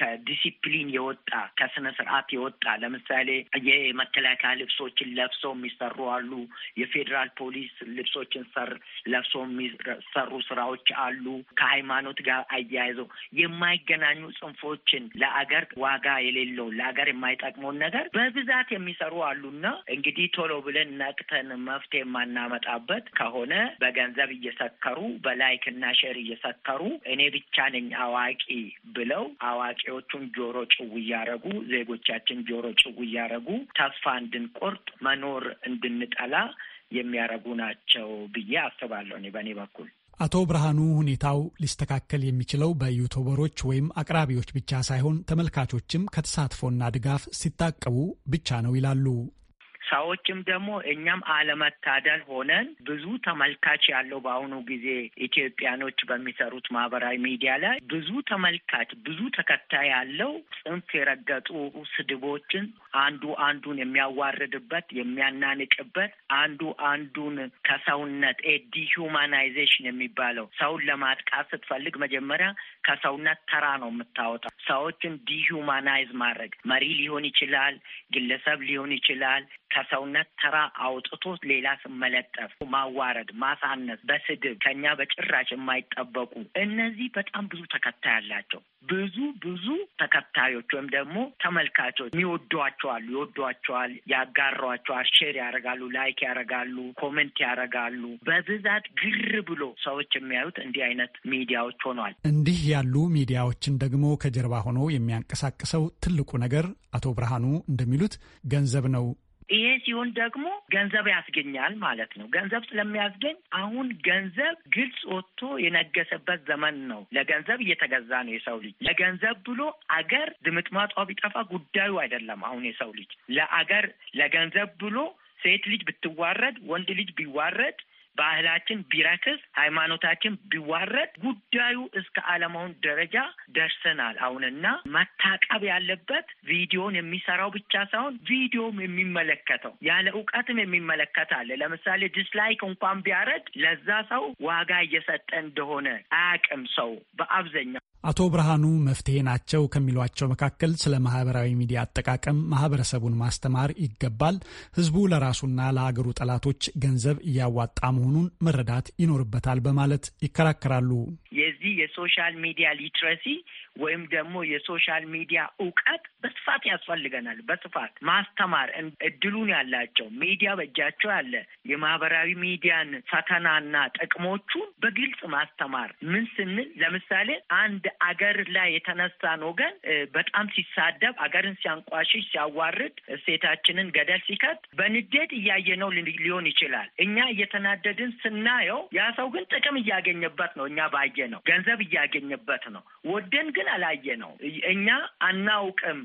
H: ከዲሲፕሊን የወጣ ከስነ ስርዓት የወጣ ለምሳሌ የመከላከያ ልብሶችን ለብሰው የሚሰሩ አሉ። የፌዴራል ፖሊስ ልብሶችን ሰ ጋር ለብሶ የሚሰሩ ስራዎች አሉ። ከሃይማኖት ጋር አያይዘው የማይገናኙ ጽንፎችን ለአገር ዋጋ የሌለው ለአገር የማይጠቅመውን ነገር በብዛት የሚሰሩ አሉና እንግዲህ ቶሎ ብለን ነቅተን መፍትሄ የማናመጣበት ከሆነ በገንዘብ እየሰከሩ በላይክና ሼር እየሰከሩ እኔ ብቻ ነኝ አዋቂ ብለው አዋቂዎቹን ጆሮ ጭው እያረጉ ዜጎቻችን ጆሮ ጭው እያረጉ ተስፋ እንድንቆርጥ መኖር እንድንጠላ የሚያረጉ ናቸው ብዬ አስባለሁ እኔ በእኔ በኩል።
A: አቶ ብርሃኑ ሁኔታው ሊስተካከል የሚችለው በዩቱበሮች ወይም አቅራቢዎች ብቻ ሳይሆን ተመልካቾችም ከተሳትፎና ድጋፍ ሲታቀቡ ብቻ ነው ይላሉ።
H: ሰዎችም ደግሞ እኛም አለመታደል ሆነን ብዙ ተመልካች ያለው በአሁኑ ጊዜ ኢትዮጵያኖች በሚሰሩት ማህበራዊ ሚዲያ ላይ ብዙ ተመልካች ብዙ ተከታይ ያለው ጽንፍ የረገጡ ስድቦችን አንዱ አንዱን የሚያዋርድበት የሚያናንቅበት፣ አንዱ አንዱን ከሰውነት ዲሁማናይዜሽን የሚባለው ሰውን ለማጥቃት ስትፈልግ መጀመሪያ ከሰውነት ተራ ነው የምታወጣው። ሰዎችን ዲሁማናይዝ ማድረግ መሪ ሊሆን ይችላል፣ ግለሰብ ሊሆን ይችላል። ከሰውነት ተራ አውጥቶ ሌላ ስመለጠፍ ማዋረድ፣ ማሳነስ፣ በስድብ ከኛ በጭራሽ የማይጠበቁ እነዚህ በጣም ብዙ ተከታይ አላቸው። ብዙ ብዙ ተከታዮች ወይም ደግሞ ተመልካቾች የሚወዷቸው ያከብሯቸዋል፣ ይወዷቸዋል፣ ያጋሯቸዋል፣ ሼር ያደርጋሉ፣ ላይክ ያደርጋሉ፣ ኮሜንት ያደርጋሉ። በብዛት ግር ብሎ ሰዎች የሚያዩት እንዲህ አይነት ሚዲያዎች
A: ሆኗል። እንዲህ ያሉ ሚዲያዎችን ደግሞ ከጀርባ ሆኖ የሚያንቀሳቅሰው ትልቁ ነገር አቶ ብርሃኑ እንደሚሉት ገንዘብ ነው።
H: ይሄ ሲሆን ደግሞ ገንዘብ ያስገኛል ማለት ነው። ገንዘብ ስለሚያስገኝ አሁን ገንዘብ ግልጽ ወጥቶ የነገሰበት ዘመን ነው። ለገንዘብ እየተገዛ ነው የሰው ልጅ። ለገንዘብ ብሎ አገር ድምጥማጧ ቢጠፋ ጉዳዩ አይደለም። አሁን የሰው ልጅ ለአገር ለገንዘብ ብሎ ሴት ልጅ ብትዋረድ፣ ወንድ ልጅ ቢዋረድ ባህላችን ቢረክስ፣ ሃይማኖታችን ቢዋረድ ጉዳዩ እስከ አለማውን ደረጃ ደርሰናል። አሁንና መታቀብ ያለበት ቪዲዮን የሚሰራው ብቻ ሳይሆን ቪዲዮም የሚመለከተው ያለ እውቀትም የሚመለከት አለ። ለምሳሌ ዲስላይክ እንኳን ቢያረግ ለዛ ሰው ዋጋ እየሰጠ እንደሆነ አያውቅም ሰው በአብዛኛው
A: አቶ ብርሃኑ መፍትሄ ናቸው ከሚሏቸው መካከል ስለ ማህበራዊ ሚዲያ አጠቃቀም ማህበረሰቡን ማስተማር ይገባል፣ ህዝቡ ለራሱና ለአገሩ ጠላቶች ገንዘብ እያዋጣ መሆኑን መረዳት ይኖርበታል በማለት ይከራከራሉ።
F: የዚህ
H: የሶሻል ሚዲያ ሊትረሲ ወይም ደግሞ የሶሻል ሚዲያ እውቀት በስፋት ያስፈልገናል። በስፋት ማስተማር እድሉን ያላቸው ሚዲያ በእጃቸው ያለ የማህበራዊ ሚዲያን ፈተናና ጥቅሞቹን በግልጽ ማስተማር ምን ስንል ለምሳሌ አንድ አገር ላይ የተነሳን ወገን በጣም ሲሳደብ፣ አገርን ሲያንቋሽሽ፣ ሲያዋርድ፣ እሴታችንን ገደል ሲከት በንዴት እያየነው ሊሆን ይችላል። እኛ እየተናደድን ስናየው ያ ሰው ግን ጥቅም እያገኘበት ነው። እኛ ባየ ነው ገንዘብ እያገኘበት ነው። ወደን ግን አላየ ነው። እኛ አናውቅም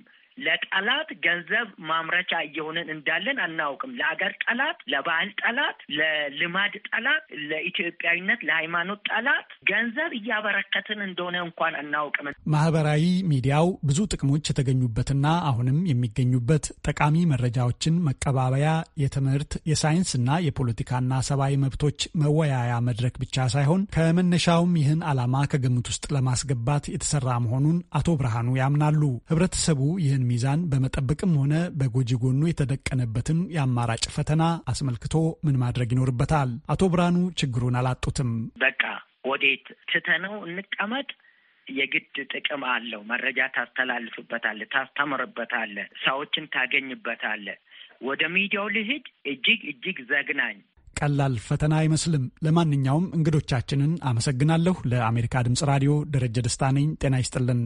H: ለጠላት ገንዘብ ማምረቻ እየሆንን እንዳለን አናውቅም። ለአገር ጠላት፣ ለባህል ጠላት፣ ለልማድ ጠላት፣ ለኢትዮጵያዊነት፣ ለሃይማኖት ጠላት ገንዘብ እያበረከትን እንደሆነ እንኳን አናውቅም።
A: ማህበራዊ ሚዲያው ብዙ ጥቅሞች የተገኙበትና አሁንም የሚገኙበት ጠቃሚ መረጃዎችን መቀባበያ፣ የትምህርት፣ የሳይንስና የፖለቲካና ሰብአዊ መብቶች መወያያ መድረክ ብቻ ሳይሆን ከመነሻውም ይህን ዓላማ ከግምት ውስጥ ለማስገባት የተሰራ መሆኑን አቶ ብርሃኑ ያምናሉ። ህብረተሰቡ ይህን የህዝብን ሚዛን በመጠበቅም ሆነ በጎጂ ጎኑ የተደቀነበትን የአማራጭ ፈተና አስመልክቶ ምን ማድረግ ይኖርበታል? አቶ ብርሃኑ ችግሩን አላጡትም።
H: በቃ ወዴት ትተነው እንቀመጥ? የግድ ጥቅም አለው። መረጃ ታስተላልፍበታለህ፣ ታስተምርበታለህ፣ ሰዎችን ታገኝበታለህ። ወደ ሚዲያው ልሂድ? እጅግ እጅግ ዘግናኝ
A: ቀላል ፈተና አይመስልም። ለማንኛውም እንግዶቻችንን አመሰግናለሁ። ለአሜሪካ ድምፅ ራዲዮ ደረጀ ደስታ ነኝ። ጤና ይስጥልን።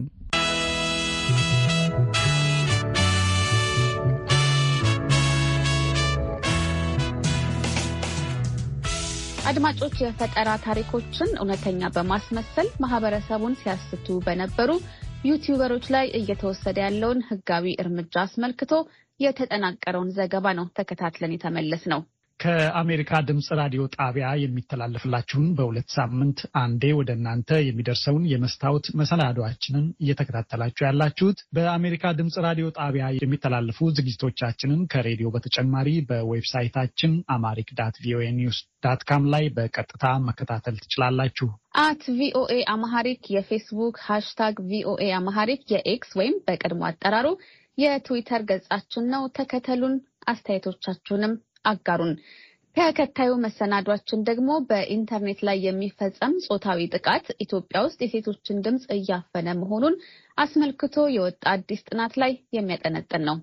B: አድማጮች የፈጠራ ታሪኮችን እውነተኛ በማስመሰል ማህበረሰቡን ሲያስቱ በነበሩ ዩቲዩበሮች ላይ እየተወሰደ ያለውን ሕጋዊ እርምጃ አስመልክቶ የተጠናቀረውን ዘገባ ነው ተከታትለን የተመለስ ነው።
A: ከአሜሪካ ድምፅ ራዲዮ ጣቢያ የሚተላለፍላችሁን በሁለት ሳምንት አንዴ ወደ እናንተ የሚደርሰውን የመስታወት መሰናዷችንን እየተከታተላችሁ ያላችሁት በአሜሪካ ድምፅ ራዲዮ ጣቢያ የሚተላለፉ ዝግጅቶቻችንን ከሬዲዮ በተጨማሪ በዌብሳይታችን አማሪክ ዳት ቪኦኤ ኒውስ ዳት ካም ላይ በቀጥታ መከታተል ትችላላችሁ።
B: አት ቪኦኤ አማሃሪክ የፌስቡክ ሃሽታግ ቪኦኤ አማሃሪክ የኤክስ ወይም በቀድሞ አጠራሩ የትዊተር ገጻችን ነው። ተከተሉን፣ አስተያየቶቻችሁንም አጋሩን። ተከታዩ መሰናዷችን ደግሞ በኢንተርኔት ላይ የሚፈጸም ጾታዊ ጥቃት ኢትዮጵያ ውስጥ የሴቶችን ድምፅ እያፈነ መሆኑን አስመልክቶ የወጣ አዲስ ጥናት ላይ የሚያጠነጥን ነው።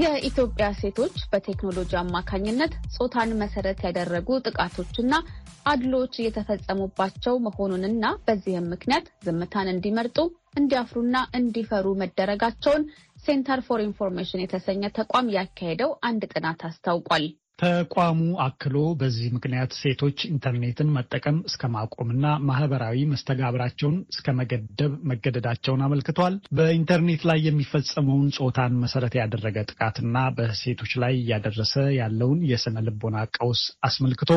B: የኢትዮጵያ ሴቶች በቴክኖሎጂ አማካኝነት ጾታን መሰረት ያደረጉ ጥቃቶችና አድሎዎች እየተፈጸሙባቸው መሆኑንና በዚህም ምክንያት ዝምታን እንዲመርጡ እንዲያፍሩና እንዲፈሩ መደረጋቸውን ሴንተር ፎር ኢንፎርሜሽን የተሰኘ ተቋም ያካሄደው አንድ ጥናት አስታውቋል።
A: ተቋሙ አክሎ በዚህ ምክንያት ሴቶች ኢንተርኔትን መጠቀም እስከ ማቆምና ማህበራዊ መስተጋብራቸውን እስከ መገደብ መገደዳቸውን አመልክቷል። በኢንተርኔት ላይ የሚፈጸመውን ጾታን መሰረት ያደረገ ጥቃትና በሴቶች ላይ እያደረሰ ያለውን የስነ ልቦና ቀውስ አስመልክቶ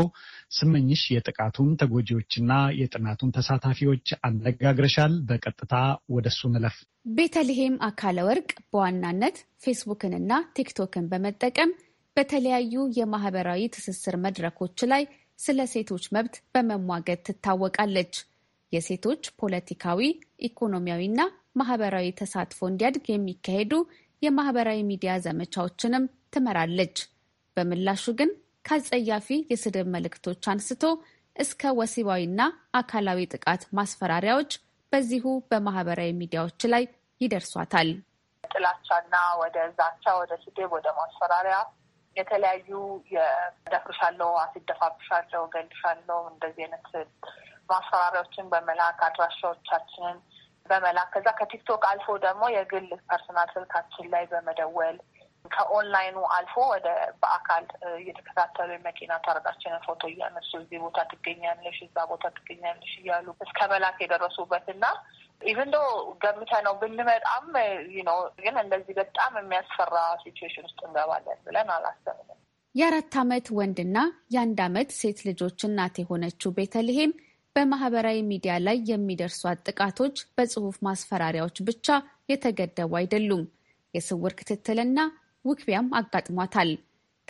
A: ስመኝሽ የጥቃቱን ተጎጂዎችና የጥናቱን ተሳታፊዎች አነጋግረሻል። በቀጥታ ወደ እሱ ንለፍ።
B: ቤተልሔም አካለ ወርቅ በዋናነት ፌስቡክንና ቲክቶክን በመጠቀም በተለያዩ የማህበራዊ ትስስር መድረኮች ላይ ስለ ሴቶች መብት በመሟገት ትታወቃለች። የሴቶች ፖለቲካዊ፣ ኢኮኖሚያዊና ማህበራዊ ተሳትፎ እንዲያድግ የሚካሄዱ የማህበራዊ ሚዲያ ዘመቻዎችንም ትመራለች። በምላሹ ግን ከአጸያፊ የስድብ መልእክቶች አንስቶ እስከ ወሲባዊና አካላዊ ጥቃት ማስፈራሪያዎች በዚሁ በማህበራዊ ሚዲያዎች ላይ ይደርሷታል።
D: ጥላቻና ወደ ዛቻ፣ ወደ ስድብ፣ ወደ ማስፈራሪያ የተለያዩ የደፍርሻለው፣ አስደፋብሻለው፣ ገልሻለው እንደዚህ አይነት ማስፈራሪያዎችን በመላክ አድራሻዎቻችንን በመላክ ከዛ ከቲክቶክ አልፎ ደግሞ የግል ፐርሰናል ስልካችን ላይ በመደወል ከኦንላይኑ አልፎ ወደ በአካል እየተከታተሉ የመኪና ታርጋችንን ፎቶ እያነሱ እዚህ ቦታ ትገኛለሽ፣ እዛ ቦታ ትገኛለሽ እያሉ እስከ መላክ የደረሱበት እና ኢቨን ዶ ገምተ ነው ብንመጣም ነው ግን እንደዚህ በጣም የሚያስፈራ ሲትዌሽን ውስጥ እንገባለን ብለን አላሰብንም።
B: የአራት ዓመት ወንድና የአንድ ዓመት ሴት ልጆች እናት የሆነችው ቤተልሔም በማህበራዊ ሚዲያ ላይ የሚደርሷት ጥቃቶች በጽሁፍ ማስፈራሪያዎች ብቻ የተገደቡ አይደሉም። የስውር ክትትልና ውክቢያም አጋጥሟታል።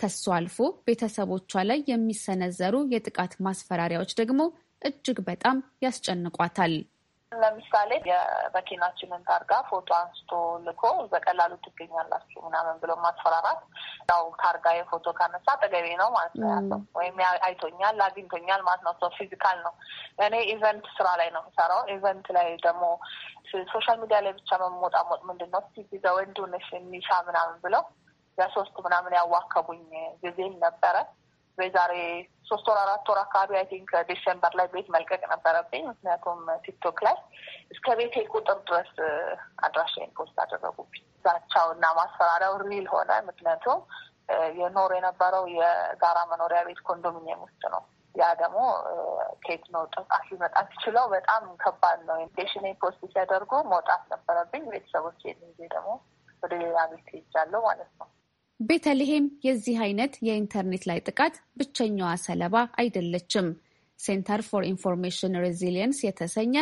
B: ከሱ አልፎ ቤተሰቦቿ ላይ የሚሰነዘሩ የጥቃት ማስፈራሪያዎች ደግሞ እጅግ በጣም ያስጨንቋታል።
D: ለምሳሌ የመኪናችንን ታርጋ ፎቶ አንስቶ ልኮ በቀላሉ ትገኛላችሁ ምናምን ብሎ ማስፈራራት። ያው ታርጋ የፎቶ ካነሳ ጠገቤ ነው ማለት ነው ያለው ወይም አይቶኛል አግኝቶኛል ማለት ነው። ሰው ፊዚካል ነው። እኔ ኢቨንት ስራ ላይ ነው የምሰራው። ኢቨንት ላይ ደግሞ ሶሻል ሚዲያ ላይ ብቻ መሞጣሞጥ ምንድን ነው? ሲዚ የሚሻ ምናምን ብለው ለሶስት ምናምን ያዋከቡኝ ጊዜም ነበረ። በዛሬ ሶስት ወር አራት ወር አካባቢ አይ ቲንክ ዲሴምበር ላይ ቤት መልቀቅ ነበረብኝ። ምክንያቱም ቲክቶክ ላይ እስከ ቤቴ ቁጥር ድረስ አድራሻዬን ፖስት አደረጉብኝ። ዛቻው እና ማስፈራሪያው ሪል ሆነ። ምክንያቱም የኖር የነበረው የጋራ መኖሪያ ቤት ኮንዶሚኒየም ውስጥ ነው። ያ ደግሞ ኬት ነው ጥቃት ሊመጣ ትችለው በጣም ከባድ ነው። ኢንቴሽን ፖስት ሲያደርጉ መውጣት ነበረብኝ። ቤተሰቦች ጊዜ ደግሞ ወደ ሌላ ቤት ሄጃለሁ ማለት ነው።
B: ቤተልሔም የዚህ አይነት የኢንተርኔት ላይ ጥቃት ብቸኛዋ ሰለባ አይደለችም። ሴንተር ፎር ኢንፎርሜሽን ሬዚሊየንስ የተሰኘ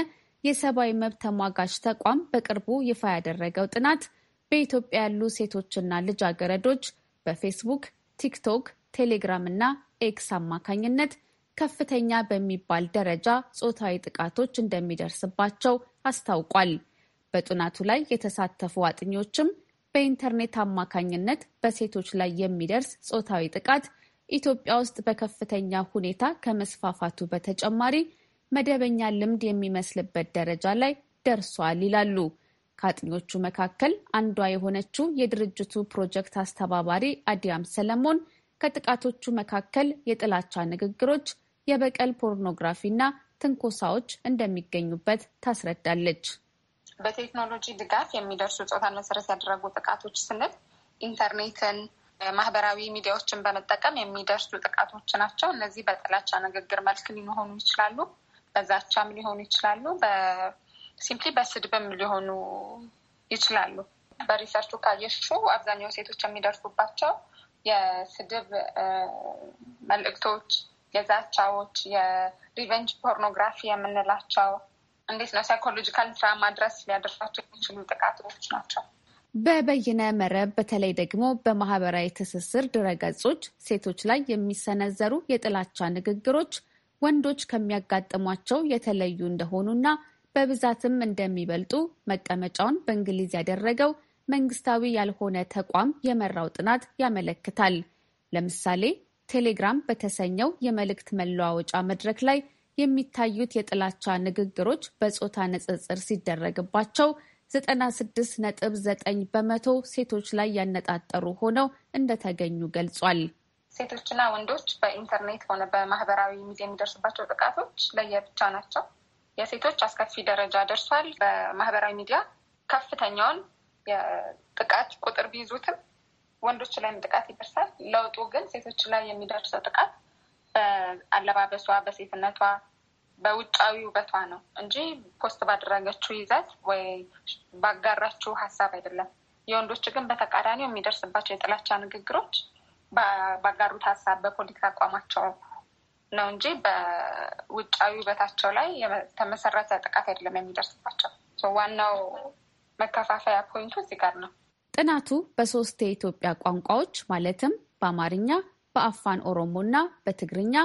B: የሰብአዊ መብት ተሟጋች ተቋም በቅርቡ ይፋ ያደረገው ጥናት በኢትዮጵያ ያሉ ሴቶችና ልጃገረዶች በፌስቡክ፣ ቲክቶክ፣ ቴሌግራም እና ኤክስ አማካኝነት ከፍተኛ በሚባል ደረጃ ጾታዊ ጥቃቶች እንደሚደርስባቸው አስታውቋል። በጥናቱ ላይ የተሳተፉ አጥኚዎችም በኢንተርኔት አማካኝነት በሴቶች ላይ የሚደርስ ጾታዊ ጥቃት ኢትዮጵያ ውስጥ በከፍተኛ ሁኔታ ከመስፋፋቱ በተጨማሪ መደበኛ ልምድ የሚመስልበት ደረጃ ላይ ደርሷል ይላሉ። ከአጥኞቹ መካከል አንዷ የሆነችው የድርጅቱ ፕሮጀክት አስተባባሪ አዲያም ሰለሞን ከጥቃቶቹ መካከል የጥላቻ ንግግሮች፣ የበቀል ፖርኖግራፊና ትንኮሳዎች እንደሚገኙበት ታስረዳለች።
I: በቴክኖሎጂ ድጋፍ የሚደርሱ ጾታን መሰረት ያደረጉ ጥቃቶች ስንል ኢንተርኔትን፣ ማህበራዊ ሚዲያዎችን በመጠቀም የሚደርሱ ጥቃቶች ናቸው። እነዚህ በጥላቻ ንግግር መልክ ሊሆኑ ይችላሉ፣ በዛቻም ሊሆኑ ይችላሉ፣ በሲምፕሊ በስድብም ሊሆኑ ይችላሉ። በሪሰርቹ ካየሹ አብዛኛው ሴቶች የሚደርሱባቸው የስድብ መልእክቶች፣ የዛቻዎች፣ የሪቨንጅ ፖርኖግራፊ የምንላቸው እንዴት ነው ሳይኮሎጂካል ትራውማ ድረስ ሊያደርሳቸው የሚችሉ ጥቃቶች ናቸው።
B: በበይነ መረብ በተለይ ደግሞ በማህበራዊ ትስስር ድረገጾች ሴቶች ላይ የሚሰነዘሩ የጥላቻ ንግግሮች ወንዶች ከሚያጋጥሟቸው የተለዩ እንደሆኑና በብዛትም እንደሚበልጡ መቀመጫውን በእንግሊዝ ያደረገው መንግስታዊ ያልሆነ ተቋም የመራው ጥናት ያመለክታል። ለምሳሌ ቴሌግራም በተሰኘው የመልእክት መለዋወጫ መድረክ ላይ የሚታዩት የጥላቻ ንግግሮች በጾታ ንጽጽር ሲደረግባቸው 96.9 በመቶ ሴቶች ላይ ያነጣጠሩ ሆነው እንደተገኙ ገልጿል።
I: ሴቶችና ወንዶች በኢንተርኔት ሆነ በማህበራዊ ሚዲያ የሚደርሱባቸው ጥቃቶች ለየብቻ ናቸው። የሴቶች አስከፊ ደረጃ ደርሷል። በማህበራዊ ሚዲያ ከፍተኛውን የጥቃት ቁጥር ቢይዙትም ወንዶች ላይም ጥቃት ይደርሳል። ለውጡ ግን ሴቶች ላይ የሚደርሰው ጥቃት በአለባበሷ፣ በሴትነቷ፣ በውጫዊ ውበቷ ነው እንጂ ፖስት ባደረገችው ይዘት ወይ ባጋራችው ሀሳብ አይደለም። የወንዶች ግን በተቃራኒው የሚደርስባቸው የጥላቻ ንግግሮች ባጋሩት ሀሳብ፣ በፖለቲካ አቋማቸው ነው እንጂ በውጫዊ ውበታቸው ላይ የተመሰረተ ጥቃት አይደለም የሚደርስባቸው። ዋናው መከፋፈያ ፖይንቱ እዚህ ጋር ነው።
B: ጥናቱ በሶስት የኢትዮጵያ ቋንቋዎች ማለትም በአማርኛ፣ በአፋን ኦሮሞና በትግርኛ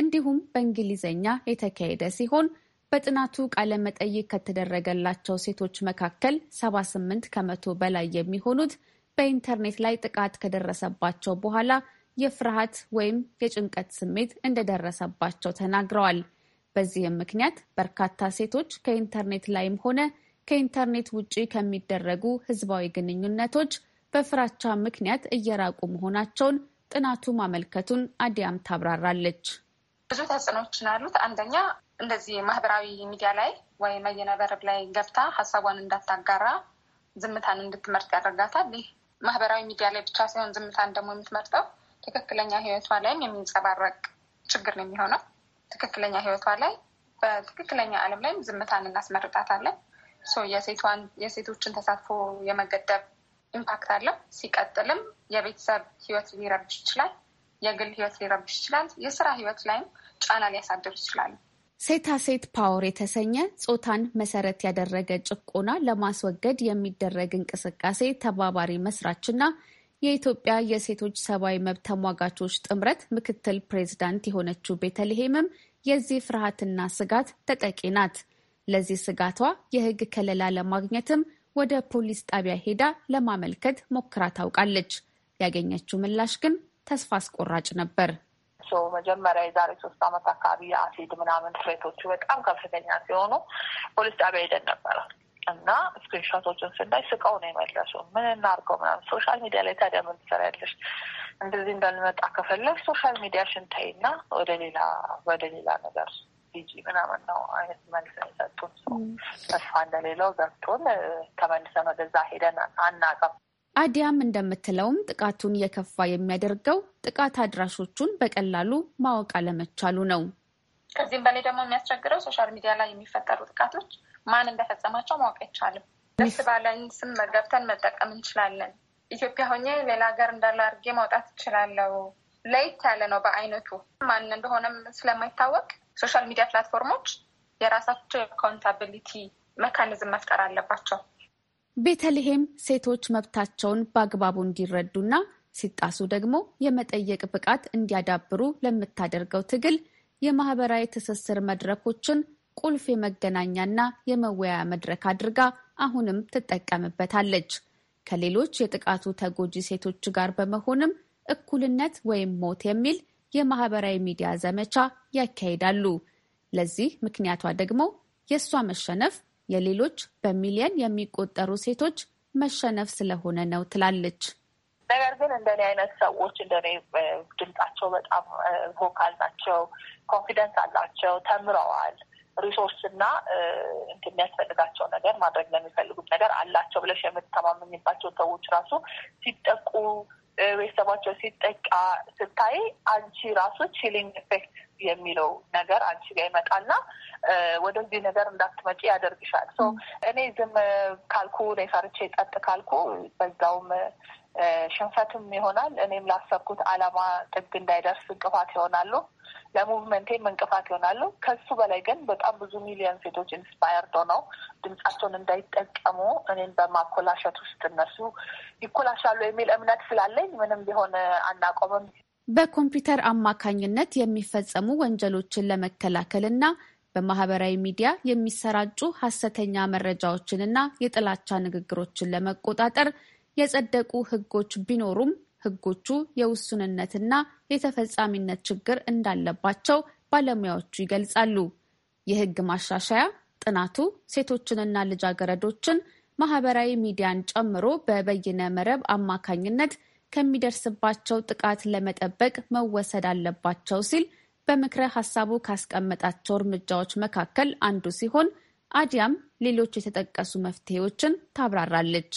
B: እንዲሁም በእንግሊዝኛ የተካሄደ ሲሆን በጥናቱ ቃለመጠይቅ ከተደረገላቸው ሴቶች መካከል 78 ከመቶ በላይ የሚሆኑት በኢንተርኔት ላይ ጥቃት ከደረሰባቸው በኋላ የፍርሃት ወይም የጭንቀት ስሜት እንደደረሰባቸው ተናግረዋል። በዚህም ምክንያት በርካታ ሴቶች ከኢንተርኔት ላይም ሆነ ከኢንተርኔት ውጪ ከሚደረጉ ሕዝባዊ ግንኙነቶች በፍራቻ ምክንያት እየራቁ መሆናቸውን ጥናቱ ማመልከቱን አዲያም ታብራራለች።
I: ብዙ ተጽዕኖች ያሉት አንደኛ እንደዚህ ማህበራዊ ሚዲያ ላይ ወይ መየነበረብ ላይ ገብታ ሀሳቧን እንዳታጋራ ዝምታን እንድትመርጥ ያደርጋታል። ይህ ማህበራዊ ሚዲያ ላይ ብቻ ሳይሆን ዝምታን ደግሞ የምትመርጠው ትክክለኛ ሕይወቷ ላይም የሚንጸባረቅ ችግር ነው የሚሆነው። ትክክለኛ ሕይወቷ ላይ በትክክለኛ ዓለም ላይም ዝምታን እናስመርጣታለን። የሴቷን የሴቶችን ተሳትፎ የመገደብ ኢምፓክት አለው። ሲቀጥልም የቤተሰብ ህይወት ሊረብሽ ይችላል። የግል ህይወት ሊረብሽ ይችላል። የስራ ህይወት ላይም ጫና
B: ይችላል። ሴታ ሴት ፓወር የተሰኘ ጾታን መሰረት ያደረገ ጭቆና ለማስወገድ የሚደረግ እንቅስቃሴ ተባባሪ መስራችና የኢትዮጵያ የሴቶች ሰብአዊ መብት ተሟጋቾች ጥምረት ምክትል ፕሬዝዳንት የሆነችው ቤተልሔምም የዚህ ፍርሃትና ስጋት ተጠቂ ናት። ለዚህ ስጋቷ የህግ ከለላ ለማግኘትም ወደ ፖሊስ ጣቢያ ሄዳ ለማመልከት ሞክራ ታውቃለች። ያገኘችው ምላሽ ግን ተስፋ አስቆራጭ ነበር።
D: መጀመሪያ የዛሬ ሶስት ዓመት አካባቢ የአሲድ ምናምን ፍሬቶቹ በጣም ከፍተኛ ሲሆኑ ፖሊስ ጣቢያ ሄደን ነበረ እና ስክሪንሾቶችን ስናይ ስቀው ነው የመለሱ። ምን እናርገው ምናምን ሶሻል ሚዲያ ላይ ታዲያ ምን ትሰሪያለሽ? እንደዚህ እንዳልመጣ ከፈለግ ሶሻል ሚዲያሽን ተይና ወደ ሌላ ወደ ሌላ ነገር ሂጂ ምናምን ነው አይነት መልስ የሰጡን። ተስፋ እንደሌለው ገብቶን ተመልሰን ወደዛ ሄደን አናውቅም።
B: አዲያም እንደምትለውም ጥቃቱን የከፋ የሚያደርገው ጥቃት አድራሾቹን በቀላሉ ማወቅ አለመቻሉ ነው።
I: ከዚህም በላይ ደግሞ የሚያስቸግረው ሶሻል ሚዲያ ላይ የሚፈጠሩ ጥቃቶች ማን እንደፈጸማቸው ማወቅ አይቻልም። ደስ ባለን ስም መገብተን መጠቀም እንችላለን። ኢትዮጵያ ሆኜ ሌላ ሀገር እንዳለ አድርጌ ማውጣት እችላለሁ። ለየት ያለ ነው በአይነቱ ማን እንደሆነም ስለማይታወቅ ሶሻል ሚዲያ ፕላትፎርሞች የራሳቸው የአካውንታቢሊቲ መካኒዝም መፍጠር አለባቸው።
B: ቤተልሔም ሴቶች መብታቸውን በአግባቡ እንዲረዱና ሲጣሱ ደግሞ የመጠየቅ ብቃት እንዲያዳብሩ ለምታደርገው ትግል የማህበራዊ ትስስር መድረኮችን ቁልፍ የመገናኛና የመወያያ መድረክ አድርጋ አሁንም ትጠቀምበታለች። ከሌሎች የጥቃቱ ተጎጂ ሴቶች ጋር በመሆንም እኩልነት ወይም ሞት የሚል የማህበራዊ ሚዲያ ዘመቻ ያካሂዳሉ። ለዚህ ምክንያቷ ደግሞ የእሷ መሸነፍ የሌሎች በሚሊየን የሚቆጠሩ ሴቶች መሸነፍ ስለሆነ ነው ትላለች።
D: ነገር ግን እንደኔ አይነት ሰዎች እንደኔ ድምጻቸው በጣም ቮካል ናቸው፣ ኮንፊደንስ አላቸው፣ ተምረዋል፣ ሪሶርስ እና የሚያስፈልጋቸው ነገር ማድረግ ለሚፈልጉት ነገር አላቸው ብለሽ የምትተማመኝባቸው ሰዎች ራሱ ሲጠቁ ቤተሰባቸው ሲጠቃ ስታይ አንቺ ራሱ ቺሊንግ ኢፌክት የሚለው ነገር አንቺ ጋር ይመጣና ወደዚህ ነገር እንዳትመጪ ያደርግሻል። ሶ እኔ ዝም ካልኩ እኔ ሰርቼ ጠጥ ካልኩ በዛውም ሽንፈትም ይሆናል። እኔም ላሰብኩት አላማ ጥግ እንዳይደርስ እንቅፋት ይሆናሉ። ለሙቭመንቴ መንቅፋት ይሆናሉ። ከሱ በላይ ግን በጣም ብዙ ሚሊዮን ሴቶች ኢንስፓየርድ ሆነው ድምጻቸውን እንዳይጠቀሙ እኔን በማኮላሸት ውስጥ እነሱ ይኮላሻሉ የሚል እምነት ስላለኝ ምንም ቢሆን አናቆምም።
B: በኮምፒውተር አማካኝነት የሚፈጸሙ ወንጀሎችን ለመከላከልና በማህበራዊ ሚዲያ የሚሰራጩ ሀሰተኛ መረጃዎችንና የጥላቻ ንግግሮችን ለመቆጣጠር የጸደቁ ሕጎች ቢኖሩም ሕጎቹ የውሱንነትና የተፈጻሚነት ችግር እንዳለባቸው ባለሙያዎቹ ይገልጻሉ። የሕግ ማሻሻያ ጥናቱ ሴቶችንና ልጃገረዶችን ማህበራዊ ሚዲያን ጨምሮ በበይነ መረብ አማካኝነት ከሚደርስባቸው ጥቃት ለመጠበቅ መወሰድ አለባቸው ሲል በምክረ ሀሳቡ ካስቀመጣቸው እርምጃዎች መካከል አንዱ ሲሆን አዲያም ሌሎች የተጠቀሱ መፍትሄዎችን ታብራራለች።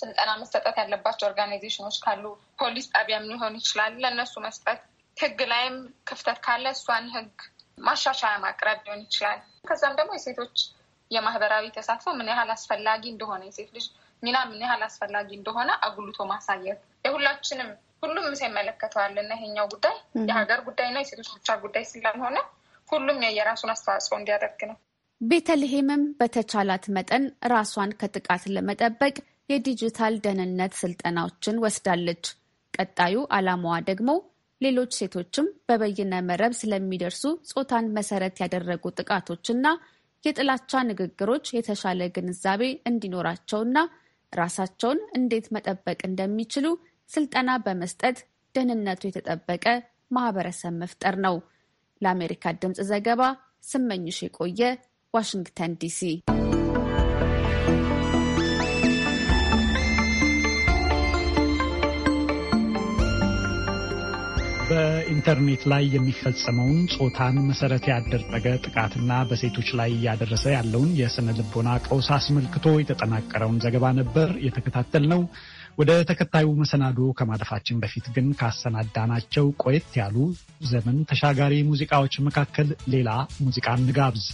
I: ስልጠና መሰጠት ያለባቸው ኦርጋናይዜሽኖች ካሉ ፖሊስ ጣቢያም ሊሆን ይችላል፣ ለእነሱ መስጠት፣ ህግ ላይም ክፍተት ካለ እሷን ህግ ማሻሻያ ማቅረብ ሊሆን ይችላል። ከዛም ደግሞ የሴቶች የማህበራዊ ተሳትፎ ምን ያህል አስፈላጊ እንደሆነ የሴት ልጅ ሚና ምን ያህል አስፈላጊ እንደሆነ አጉልቶ ማሳየት የሁላችንም ሁሉም ምስ ይመለከተዋል እና ይሄኛው ጉዳይ የሀገር ና የሴቶች ብቻ ጉዳይ ስላልሆነ ሁሉም የየራሱን አስተዋጽኦ እንዲያደርግ ነው።
B: ቤተልሔምም በተቻላት መጠን ራሷን ከጥቃት ለመጠበቅ የዲጂታል ደህንነት ስልጠናዎችን ወስዳለች። ቀጣዩ ዓላማዋ ደግሞ ሌሎች ሴቶችም በበይነ መረብ ስለሚደርሱ ጾታን መሰረት ያደረጉ ጥቃቶችና የጥላቻ ንግግሮች የተሻለ ግንዛቤ እንዲኖራቸውና ራሳቸውን እንዴት መጠበቅ እንደሚችሉ ስልጠና በመስጠት ደህንነቱ የተጠበቀ ማህበረሰብ መፍጠር ነው። ለአሜሪካ ድምፅ ዘገባ ስመኝሽ የቆየ ዋሽንግተን ዲሲ።
A: በኢንተርኔት ላይ የሚፈጸመውን ጾታን መሰረት ያደረገ ጥቃትና በሴቶች ላይ እያደረሰ ያለውን የስነ ልቦና ቀውስ አስመልክቶ የተጠናቀረውን ዘገባ ነበር ነው። ወደ ተከታዩ መሰናዶ ከማለፋችን በፊት ግን ካሰናዳናቸው ቆየት ያሉ ዘመን ተሻጋሪ ሙዚቃዎች መካከል ሌላ ሙዚቃ እንጋብዝ።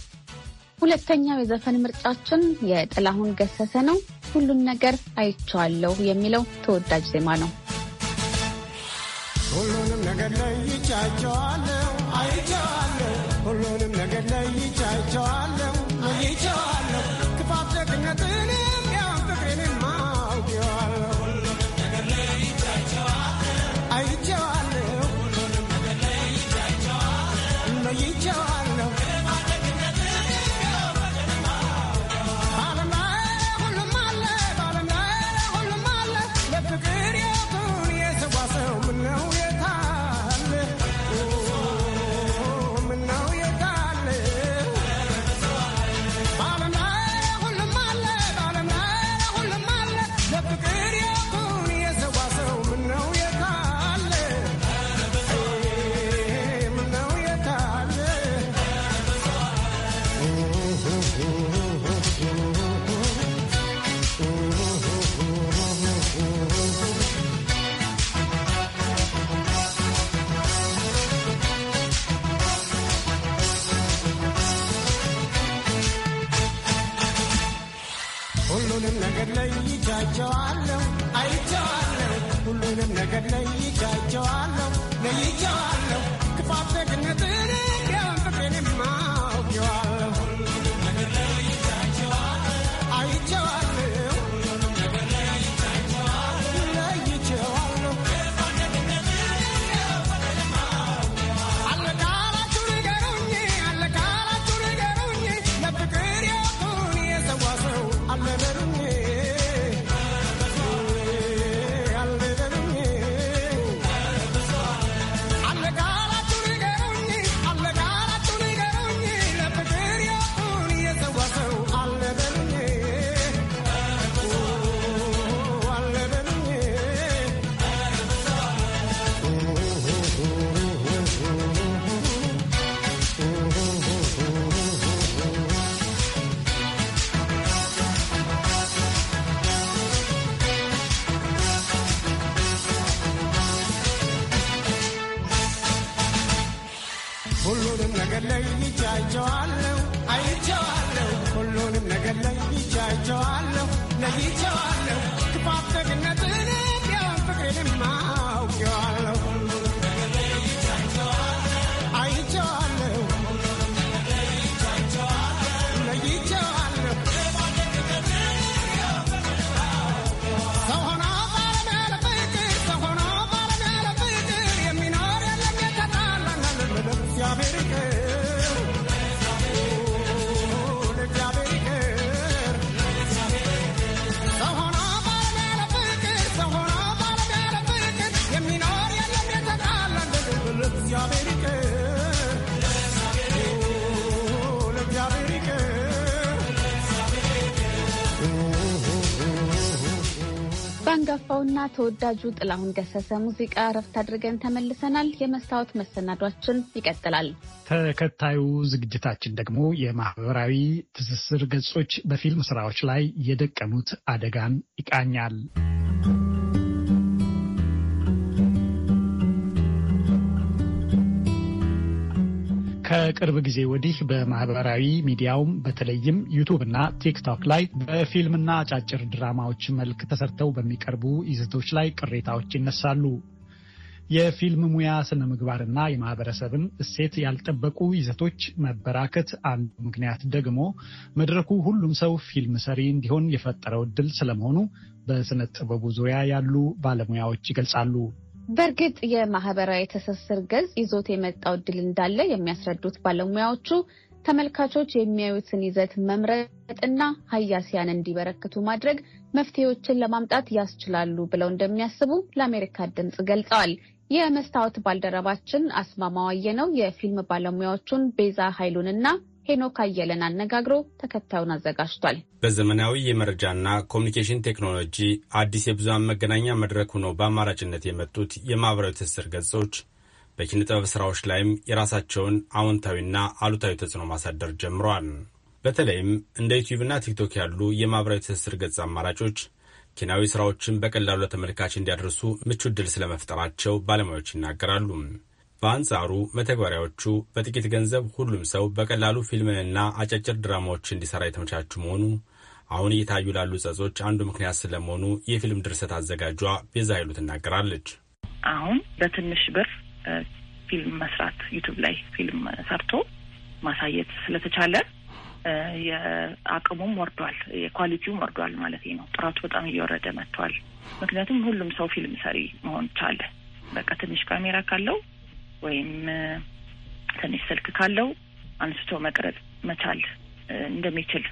B: ሁለተኛው የዘፈን ምርጫችን የጥላሁን ገሰሰ ነው። ሁሉን ነገር አይቼዋለሁ የሚለው ተወዳጅ ዜማ ነው።
J: ሁሉንም ነገር ለይቻቸዋለሁ Nayika Joanna, Nayika.
B: ተወዳጁ ጥላሁን ገሰሰ ሙዚቃ እረፍት አድርገን ተመልሰናል። የመስታወት መሰናዷችን ይቀጥላል።
A: ተከታዩ ዝግጅታችን ደግሞ የማህበራዊ ትስስር ገጾች በፊልም ስራዎች ላይ የደቀኑት አደጋን ይቃኛል። ከቅርብ ጊዜ ወዲህ በማህበራዊ ሚዲያውም በተለይም ዩቱብ እና ቲክቶክ ላይ በፊልምና አጫጭር ድራማዎች መልክ ተሰርተው በሚቀርቡ ይዘቶች ላይ ቅሬታዎች ይነሳሉ። የፊልም ሙያ ስነ ምግባርና የማህበረሰብን እሴት ያልጠበቁ ይዘቶች መበራከት አንዱ ምክንያት ደግሞ መድረኩ ሁሉም ሰው ፊልም ሰሪ እንዲሆን የፈጠረው እድል ስለመሆኑ በስነ ጥበቡ ዙሪያ ያሉ ባለሙያዎች ይገልጻሉ።
B: በእርግጥ የማህበራዊ ትስስር ገጽ ይዞት የመጣው እድል እንዳለ የሚያስረዱት ባለሙያዎቹ ተመልካቾች የሚያዩትን ይዘት መምረጥና ሀያሲያን እንዲበረክቱ ማድረግ መፍትሄዎችን ለማምጣት ያስችላሉ ብለው እንደሚያስቡ ለአሜሪካ ድምፅ ገልጸዋል። የመስታወት ባልደረባችን አስማማዋየ ነው የፊልም ባለሙያዎቹን ቤዛ ኃይሉንና ሄኖክ አየለን አነጋግሮ ተከታዩን አዘጋጅቷል።
K: በዘመናዊ የመረጃና ኮሚኒኬሽን ቴክኖሎጂ አዲስ የብዙሃን መገናኛ መድረክ ሆኖ በአማራጭነት የመጡት የማህበራዊ ትስስር ገጾች በኪነ ጥበብ ስራዎች ላይም የራሳቸውን አዎንታዊና አሉታዊ ተጽዕኖ ማሳደር ጀምረዋል። በተለይም እንደ ዩቲዩብና ቲክቶክ ያሉ የማህበራዊ ትስስር ገጽ አማራጮች ኪናዊ ስራዎችን በቀላሉ ለተመልካች እንዲያደርሱ ምቹ ድል ስለመፍጠራቸው ባለሙያዎች ይናገራሉ። በአንጻሩ መተግበሪያዎቹ በጥቂት ገንዘብ ሁሉም ሰው በቀላሉ ፊልምንና አጫጭር ድራማዎች እንዲሠራ የተመቻቹ መሆኑ አሁን እየታዩ ላሉ ጸጾች አንዱ ምክንያት ስለመሆኑ የፊልም ድርሰት አዘጋጇ ቤዛ ኃይሉ ትናገራለች።
L: አሁን በትንሽ ብር ፊልም መስራት ዩቱብ ላይ ፊልም ሰርቶ ማሳየት ስለተቻለ የአቅሙም ወርዷል፣ የኳሊቲውም ወርዷል ማለት ነው። ጥራቱ በጣም እየወረደ መጥቷል። ምክንያቱም ሁሉም ሰው ፊልም ሰሪ መሆን ቻለ። በቃ ትንሽ ካሜራ ካለው ወይም ትንሽ ስልክ ካለው አንስቶ መቅረጽ መቻል እንደሚችል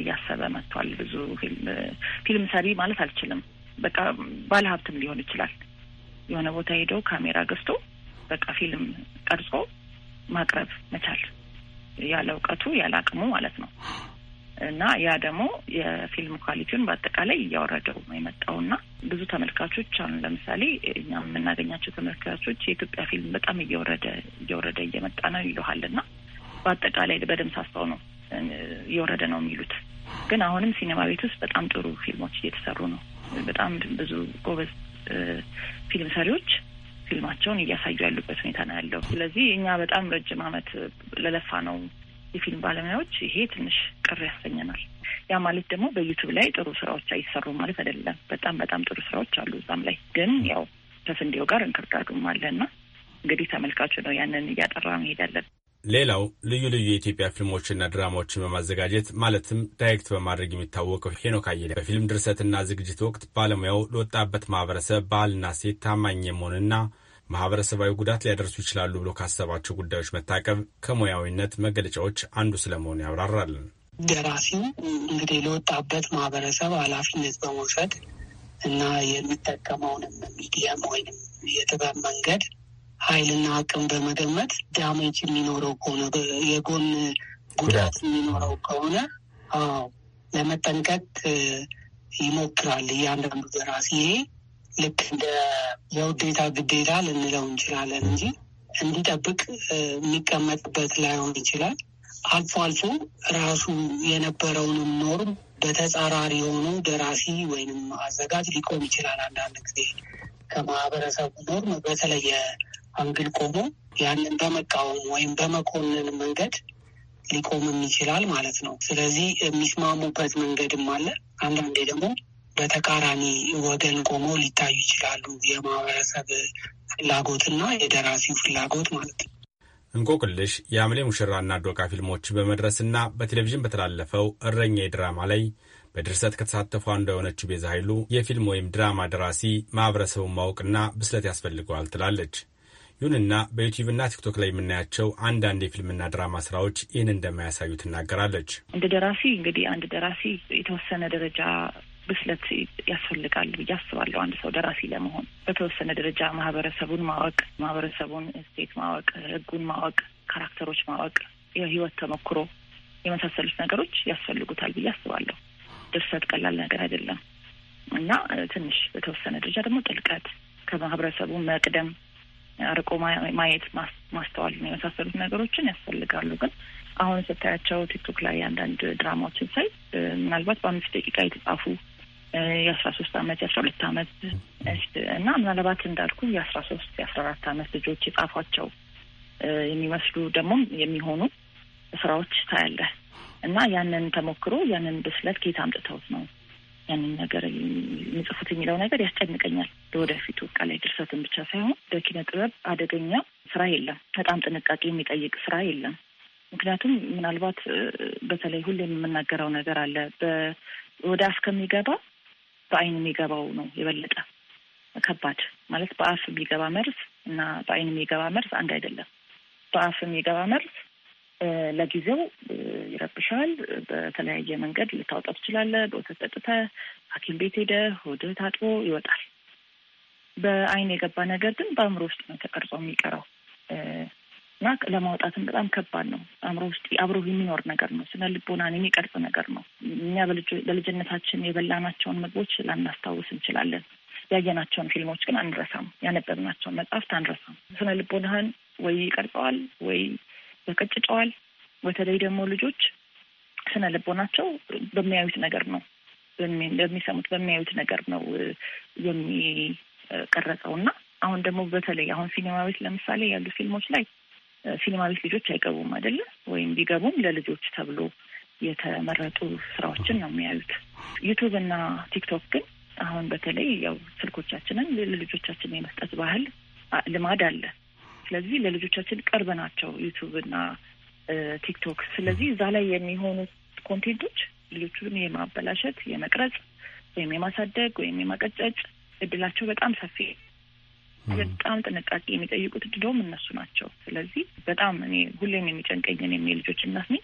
L: እያሰበ መጥቷል። ብዙ ፊልም ሰሪ ማለት አልችልም፣ በቃ ባለ ሀብትም ሊሆን ይችላል። የሆነ ቦታ ሄዶ ካሜራ ገዝቶ በቃ ፊልም ቀርጾ ማቅረብ መቻል ያለ እውቀቱ ያለ አቅሙ ማለት ነው። እና ያ ደግሞ የፊልም ኳሊቲውን በአጠቃላይ እያወረደው ነው የመጣው እና ብዙ ተመልካቾች አሁን ለምሳሌ እኛ የምናገኛቸው ተመልካቾች የኢትዮጵያ ፊልም በጣም እየወረደ እየወረደ እየመጣ ነው ይለሃል እና በአጠቃላይ በደምብ ሳስታው ነው እየወረደ ነው የሚሉት። ግን አሁንም ሲኔማ ቤት ውስጥ በጣም ጥሩ ፊልሞች እየተሰሩ ነው። በጣም ብዙ ጎበዝ ፊልም ሰሪዎች ፊልማቸውን እያሳዩ ያሉበት ሁኔታ ነው ያለው። ስለዚህ እኛ በጣም ረጅም ዓመት ለለፋ ነው የፊልም ባለሙያዎች ይሄ ትንሽ ቅር ያሰኘናል። ያ ማለት ደግሞ በዩቱብ ላይ ጥሩ ስራዎች አይሰሩ ማለት አይደለም። በጣም በጣም ጥሩ ስራዎች አሉ እዛም ላይ ግን ያው ከስንዴው ጋር እንክርዳዱም አለና እንግዲህ ተመልካቹ ነው ያንን እያጠራ መሄድ ያለብን።
K: ሌላው ልዩ ልዩ የኢትዮጵያ ፊልሞችና ድራማዎችን በማዘጋጀት ማለትም ዳይሬክት በማድረግ የሚታወቀው ሄኖክ አየለ በፊልም ድርሰትና ዝግጅት ወቅት ባለሙያው ለወጣበት ማህበረሰብ ባህልና ሴት ታማኝ የመሆንና ማህበረሰባዊ ጉዳት ሊያደርሱ ይችላሉ ብሎ ካሰባቸው ጉዳዮች መታቀብ ከሙያዊነት መገለጫዎች አንዱ ስለመሆኑ ያብራራል።
G: ደራሲ እንግዲህ ለወጣበት ማህበረሰብ ኃላፊነት በመውሰድ እና የሚጠቀመውንም ሚዲየም ወይም የጥበብ መንገድ ኃይልና አቅም በመገመት ዳሜጅ የሚኖረው ከሆነ የጎን ጉዳት የሚኖረው ከሆነ ለመጠንቀቅ ይሞክራል እያንዳንዱ ደራሲ ይሄ ልክ እንደ የውዴታ ግዴታ ልንለው እንችላለን እንጂ እንዲጠብቅ የሚቀመጥበት ላይሆን ይችላል። አልፎ አልፎ ራሱ የነበረውንም ኖርም በተጻራሪ የሆኑ ደራሲ ወይንም አዘጋጅ ሊቆም ይችላል። አንዳንድ ጊዜ ከማህበረሰቡ ኖርም በተለየ አንግል ቆሞ ያንን በመቃወም ወይም በመኮንን መንገድ ሊቆምም ይችላል ማለት ነው። ስለዚህ የሚስማሙበት መንገድም አለ። አንዳንዴ ደግሞ በተቃራኒ ወገን ቆመው ሊታዩ ይችላሉ። የማህበረሰብ ፍላጎትና የደራሲው ፍላጎት ማለት ነው።
K: እንቆቅልሽ፣ የአምሌ ሙሽራና ዶቃ ፊልሞች በመድረስና በቴሌቪዥን በተላለፈው እረኛ የድራማ ላይ በድርሰት ከተሳተፉ አንዷ የሆነችው ቤዛ ኃይሉ የፊልም ወይም ድራማ ደራሲ ማህበረሰቡን ማወቅና ብስለት ያስፈልገዋል ትላለች። ይሁንና በዩቲዩብና ቲክቶክ ላይ የምናያቸው አንዳንድ የፊልምና ድራማ ስራዎች ይህን እንደማያሳዩ ትናገራለች።
L: እንደ ደራሲ እንግዲህ አንድ ደራሲ የተወሰነ ደረጃ ብስለት ያስፈልጋል ብዬ አስባለሁ። አንድ ሰው ደራሲ ለመሆን በተወሰነ ደረጃ ማህበረሰቡን ማወቅ፣ ማህበረሰቡን ስቴት ማወቅ፣ ህጉን ማወቅ፣ ካራክተሮች ማወቅ፣ የህይወት ተሞክሮ የመሳሰሉት ነገሮች ያስፈልጉታል ብዬ አስባለሁ። ድርሰት ቀላል ነገር አይደለም እና ትንሽ በተወሰነ ደረጃ ደግሞ ጥልቀት ከማህበረሰቡ መቅደም አርቆ ማየት ማስተዋል የመሳሰሉት ነገሮችን ያስፈልጋሉ። ግን አሁን ስታያቸው ቲክቶክ ላይ አንዳንድ ድራማዎችን ሳይ ምናልባት በአምስት ደቂቃ የተጻፉ የአስራ ሶስት አመት የአስራ ሁለት አመት እና ምናልባት እንዳልኩ የአስራ ሶስት የአስራ አራት አመት ልጆች የጻፏቸው የሚመስሉ ደግሞ የሚሆኑ ስራዎች ታያለህ እና ያንን ተሞክሮ ያንን ብስለት ከየት አምጥተውት ነው ያንን ነገር የሚጽፉት የሚለው ነገር ያስጨንቀኛል። ለወደፊቱ ቃላይ ድርሰትን ብቻ ሳይሆን በኪነ ጥበብ አደገኛ ስራ የለም፣ በጣም ጥንቃቄ የሚጠይቅ ስራ የለም። ምክንያቱም ምናልባት በተለይ ሁሌ የምናገረው ነገር አለ ወደ አፍ ከሚገባ በአይን የሚገባው ነው የበለጠ ከባድ ማለት በአፍ የሚገባ መርዝ እና በአይን የሚገባ መርዝ አንድ አይደለም። በአፍ የሚገባ መርዝ ለጊዜው ይረብሻል። በተለያየ መንገድ ልታወጣ ትችላለህ። በወተት ጠጥተህ ሐኪም ቤት ሄደህ ሆድህ ታጥቦ ይወጣል። በአይን የገባ ነገር ግን በአእምሮ ውስጥ ነው ተቀርጾ የሚቀረው። እና ለማውጣትም በጣም ከባድ ነው። አእምሮ ውስጥ አብሮ የሚኖር ነገር ነው። ስነ ልቦናን የሚቀርጽ ነገር ነው። እኛ በልጅነታችን የበላናቸውን ምግቦች ላናስታውስ እንችላለን። ያየናቸውን ፊልሞች ግን አንረሳም። ያነበብናቸውን መጽሐፍት አንረሳም። ስነ ልቦናህን ወይ ይቀርጸዋል ወይ ያቀጭጨዋል። በተለይ ደግሞ ልጆች ስነ ልቦናቸው በሚያዩት ነገር ነው፣ በሚሰሙት በሚያዩት ነገር ነው የሚቀረጸው እና አሁን ደግሞ በተለይ አሁን ሲኒማ ቤት ለምሳሌ ያሉ ፊልሞች ላይ ሲኒማ ቤት ልጆች አይገቡም አይደለም ወይም ቢገቡም ለልጆች ተብሎ የተመረጡ ስራዎችን ነው የሚያዩት። ዩቱብ እና ቲክቶክ ግን አሁን በተለይ ያው ስልኮቻችንን ለልጆቻችን የመስጠት ባህል ልማድ አለ። ስለዚህ ለልጆቻችን ቅርብ ናቸው ዩቱብ እና ቲክቶክ። ስለዚህ እዛ ላይ የሚሆኑ ኮንቴንቶች ልጆቹን የማበላሸት የመቅረጽ ወይም የማሳደግ ወይም የማቀጨጭ እድላቸው በጣም ሰፊ በጣም ጥንቃቄ የሚጠይቁት ድዶም እነሱ ናቸው። ስለዚህ በጣም እኔ ሁሌም የሚጨንቀኝ እኔም ልጆች እናት ነኝ።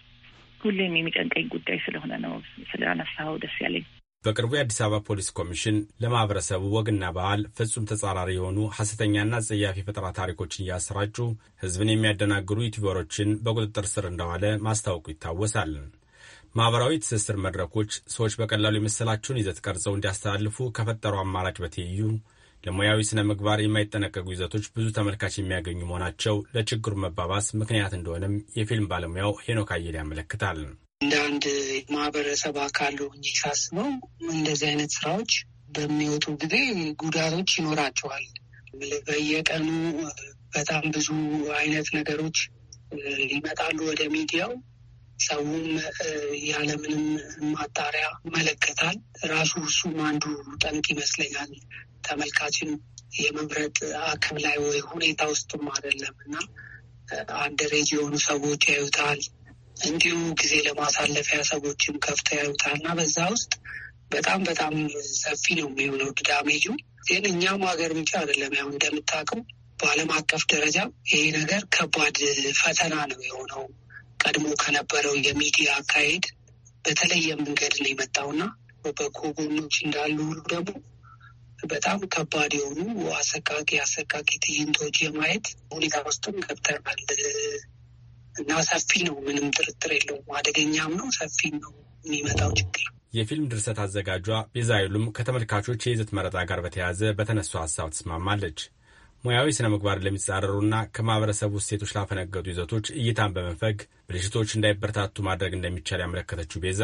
L: ሁሌም የሚጨንቀኝ ጉዳይ ስለሆነ ነው
K: ስላነሳኸው ደስ ያለኝ። በቅርቡ የአዲስ አበባ ፖሊስ ኮሚሽን ለማህበረሰቡ ወግና ባህል ፍጹም ተጻራሪ የሆኑ ሐሰተኛና ጸያፊ ፈጠራ ታሪኮችን እያሰራጩ ህዝብን የሚያደናግሩ ዩቲዩበሮችን በቁጥጥር ስር እንደዋለ ማስታወቁ ይታወሳል። ማህበራዊ ትስስር መድረኮች ሰዎች በቀላሉ የመሰላቸውን ይዘት ቀርጸው እንዲያስተላልፉ ከፈጠሩ አማራጭ በትይዩ ለሙያዊ ስነ ምግባር የማይጠነቀቁ ይዘቶች ብዙ ተመልካች የሚያገኙ መሆናቸው ለችግሩ መባባስ ምክንያት እንደሆነም የፊልም ባለሙያው ሄኖክ አየለ ያመለክታል። እንደ አንድ ማህበረሰብ አካል
G: ሆኜ ሳስበው እንደዚህ አይነት ስራዎች በሚወጡ ጊዜ ጉዳቶች ይኖራቸዋል። በየቀኑ በጣም ብዙ አይነት ነገሮች ይመጣሉ ወደ ሚዲያው። ሰውም ያለምንም ማጣሪያ ይመለከታል። ራሱ እሱም አንዱ ጠንቅ ይመስለኛል። ተመልካችን የመምረጥ አቅም ላይ ወይ ሁኔታ ውስጥም አይደለም እና አንድ ሬጅ የሆኑ ሰዎች ያዩታል። እንዲሁ ጊዜ ለማሳለፊያ ሰዎችም ከፍተ ያዩታል እና በዛ ውስጥ በጣም በጣም ሰፊ ነው የሚሆነው ድዳሜጁ። ግን እኛም ሀገር ብቻ አይደለም ያው እንደምታውቀው በዓለም አቀፍ ደረጃ ይሄ ነገር ከባድ ፈተና ነው የሆነው ቀድሞ ከነበረው የሚዲያ አካሄድ በተለየ መንገድ ነው የመጣውና በጎ ጎኖች እንዳሉ ሁሉ ደግሞ በጣም ከባድ የሆኑ አሰቃቂ አሰቃቂ ትዕይንቶች የማየት ሁኔታ ውስጥም ገብተናል እና ሰፊ ነው። ምንም ጥርጥር የለውም። አደገኛም ነው። ሰፊ ነው የሚመጣው ችግር።
K: የፊልም ድርሰት አዘጋጇ ቤዛ ከተመልካቾች የይዘት መረጣ ጋር በተያያዘ በተነሱ ሀሳብ ትስማማለች። ሙያዊ ስነ ምግባር ለሚጻረሩና ከማህበረሰቡ እሴቶች ላፈነገጡ ይዘቶች እይታን በመንፈግ ብልሽቶች እንዳይበረታቱ ማድረግ እንደሚቻል ያመለከተችው ቤዛ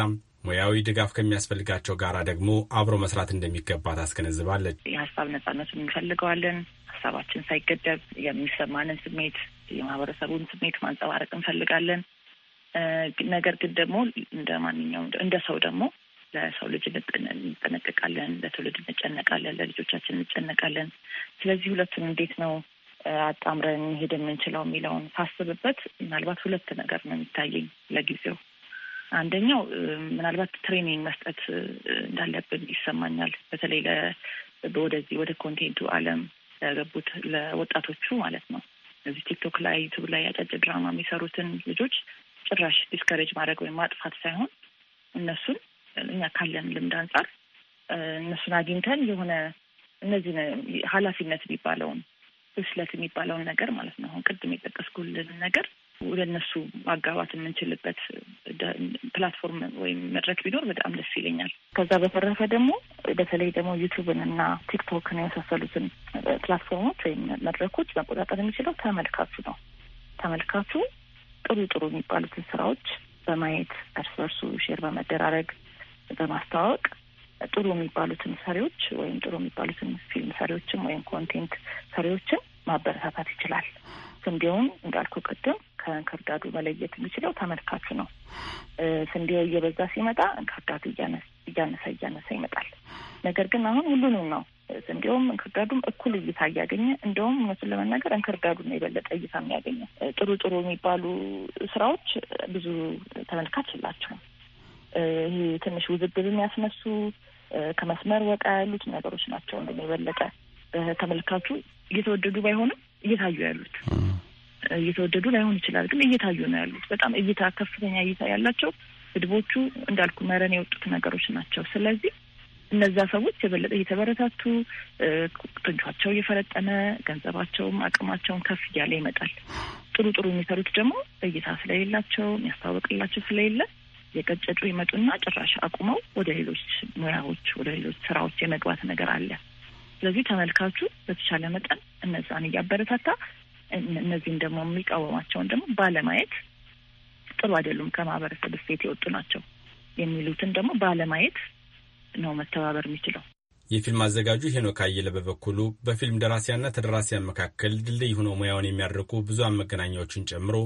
K: ሙያዊ ድጋፍ ከሚያስፈልጋቸው ጋር ደግሞ አብሮ መስራት እንደሚገባ ታስገነዝባለች። የሀሳብ ነጻነቱን እንፈልገዋለን።
L: ሀሳባችን ሳይገደብ የሚሰማንን ስሜት፣ የማህበረሰቡን ስሜት ማንጸባረቅ እንፈልጋለን። ነገር ግን ደግሞ እንደ ማንኛውም እንደ ሰው ደግሞ ለሰው ልጅ እንጠነቀቃለን፣ ለትውልድ እንጨነቃለን፣ ለልጆቻችን እንጨነቃለን። ስለዚህ ሁለቱን እንዴት ነው አጣምረን መሄድ የምንችለው የሚለውን ሳስብበት ምናልባት ሁለት ነገር ነው የሚታየኝ ለጊዜው። አንደኛው ምናልባት ትሬኒንግ መስጠት እንዳለብን ይሰማኛል። በተለይ ወደዚህ ወደ ኮንቴንቱ ዓለም ለገቡት ለወጣቶቹ ማለት ነው። እዚህ ቲክቶክ ላይ ዩቱብ ላይ አጫጭር ድራማ የሚሰሩትን ልጆች ጭራሽ ዲስከሬጅ ማድረግ ወይም ማጥፋት ሳይሆን እነሱን እኛ ካለን ልምድ አንጻር እነሱን አግኝተን የሆነ እነዚህ ኃላፊነት የሚባለውን ብስለት የሚባለውን ነገር ማለት ነው አሁን ቅድም የጠቀስኩልን ነገር ወደ እነሱ ማጋባት የምንችልበት ፕላትፎርም ወይም መድረክ ቢኖር በጣም ደስ ይለኛል። ከዛ በተረፈ ደግሞ በተለይ ደግሞ ዩቱብን እና ቲክቶክን የመሳሰሉትን ፕላትፎርሞች ወይም መድረኮች መቆጣጠር የሚችለው ተመልካቹ ነው። ተመልካቹ ጥሩ ጥሩ የሚባሉትን ስራዎች በማየት እርስ በርሱ ሼር በመደራረግ በማስተዋወቅ ጥሩ የሚባሉትን ሰሪዎች ወይም ጥሩ የሚባሉትን ፊልም ሰሪዎችን ወይም ኮንቴንት ሰሪዎችን ማበረታታት ይችላል። ስንዴውን እንዳልኩ ቅድም ከእንክርዳዱ መለየት የሚችለው ተመልካቹ ነው። ስንዴው እየበዛ ሲመጣ እንክርዳዱ እያነሰ እያነሰ ይመጣል። ነገር ግን አሁን ሁሉንም ነው ስንዴውም እንክርዳዱም እኩል እይታ እያገኘ እንደውም እውነቱን ለመናገር እንክርዳዱ ነው የበለጠ እይታ የሚያገኘ። ጥሩ ጥሩ የሚባሉ ስራዎች ብዙ ተመልካች የላቸውም። ይሄ ትንሽ ውዝግብ የሚያስነሱ ከመስመር ወጣ ያሉት ነገሮች ናቸው። እንደ የበለጠ ተመልካቹ እየተወደዱ ባይሆንም እየታዩ ያሉት እየተወደዱ ላይሆን ይችላል፣ ግን እየታዩ ነው ያሉት። በጣም እይታ ከፍተኛ እይታ ያላቸው ስድቦቹ እንዳልኩ መረን የወጡት ነገሮች ናቸው። ስለዚህ እነዛ ሰዎች የበለጠ እየተበረታቱ ጡንቻቸው እየፈረጠመ ገንዘባቸውም አቅማቸውን ከፍ እያለ ይመጣል። ጥሩ ጥሩ የሚሰሩት ደግሞ እይታ ስለሌላቸው የሚያስታወቅላቸው ስለሌለ የቀጨጩ ይመጡና ጭራሽ አቁመው ወደ ሌሎች ሙያዎች ወደ ሌሎች ስራዎች የመግባት ነገር አለ። ስለዚህ ተመልካቹ በተቻለ መጠን እነዛን እያበረታታ እነዚህን ደግሞ የሚቃወማቸውን ደግሞ ባለማየት ጥሩ አይደሉም፣ ከማህበረሰብ እሴት የወጡ ናቸው የሚሉትን ደግሞ ባለማየት ነው መተባበር የሚችለው።
K: የፊልም አዘጋጁ ሄኖክ አየለ በበኩሉ በፊልም ደራሲያና ተደራሲያን መካከል ድልድይ ሆነው ሙያውን የሚያደርጉ ብዙሃን መገናኛዎችን ጨምሮ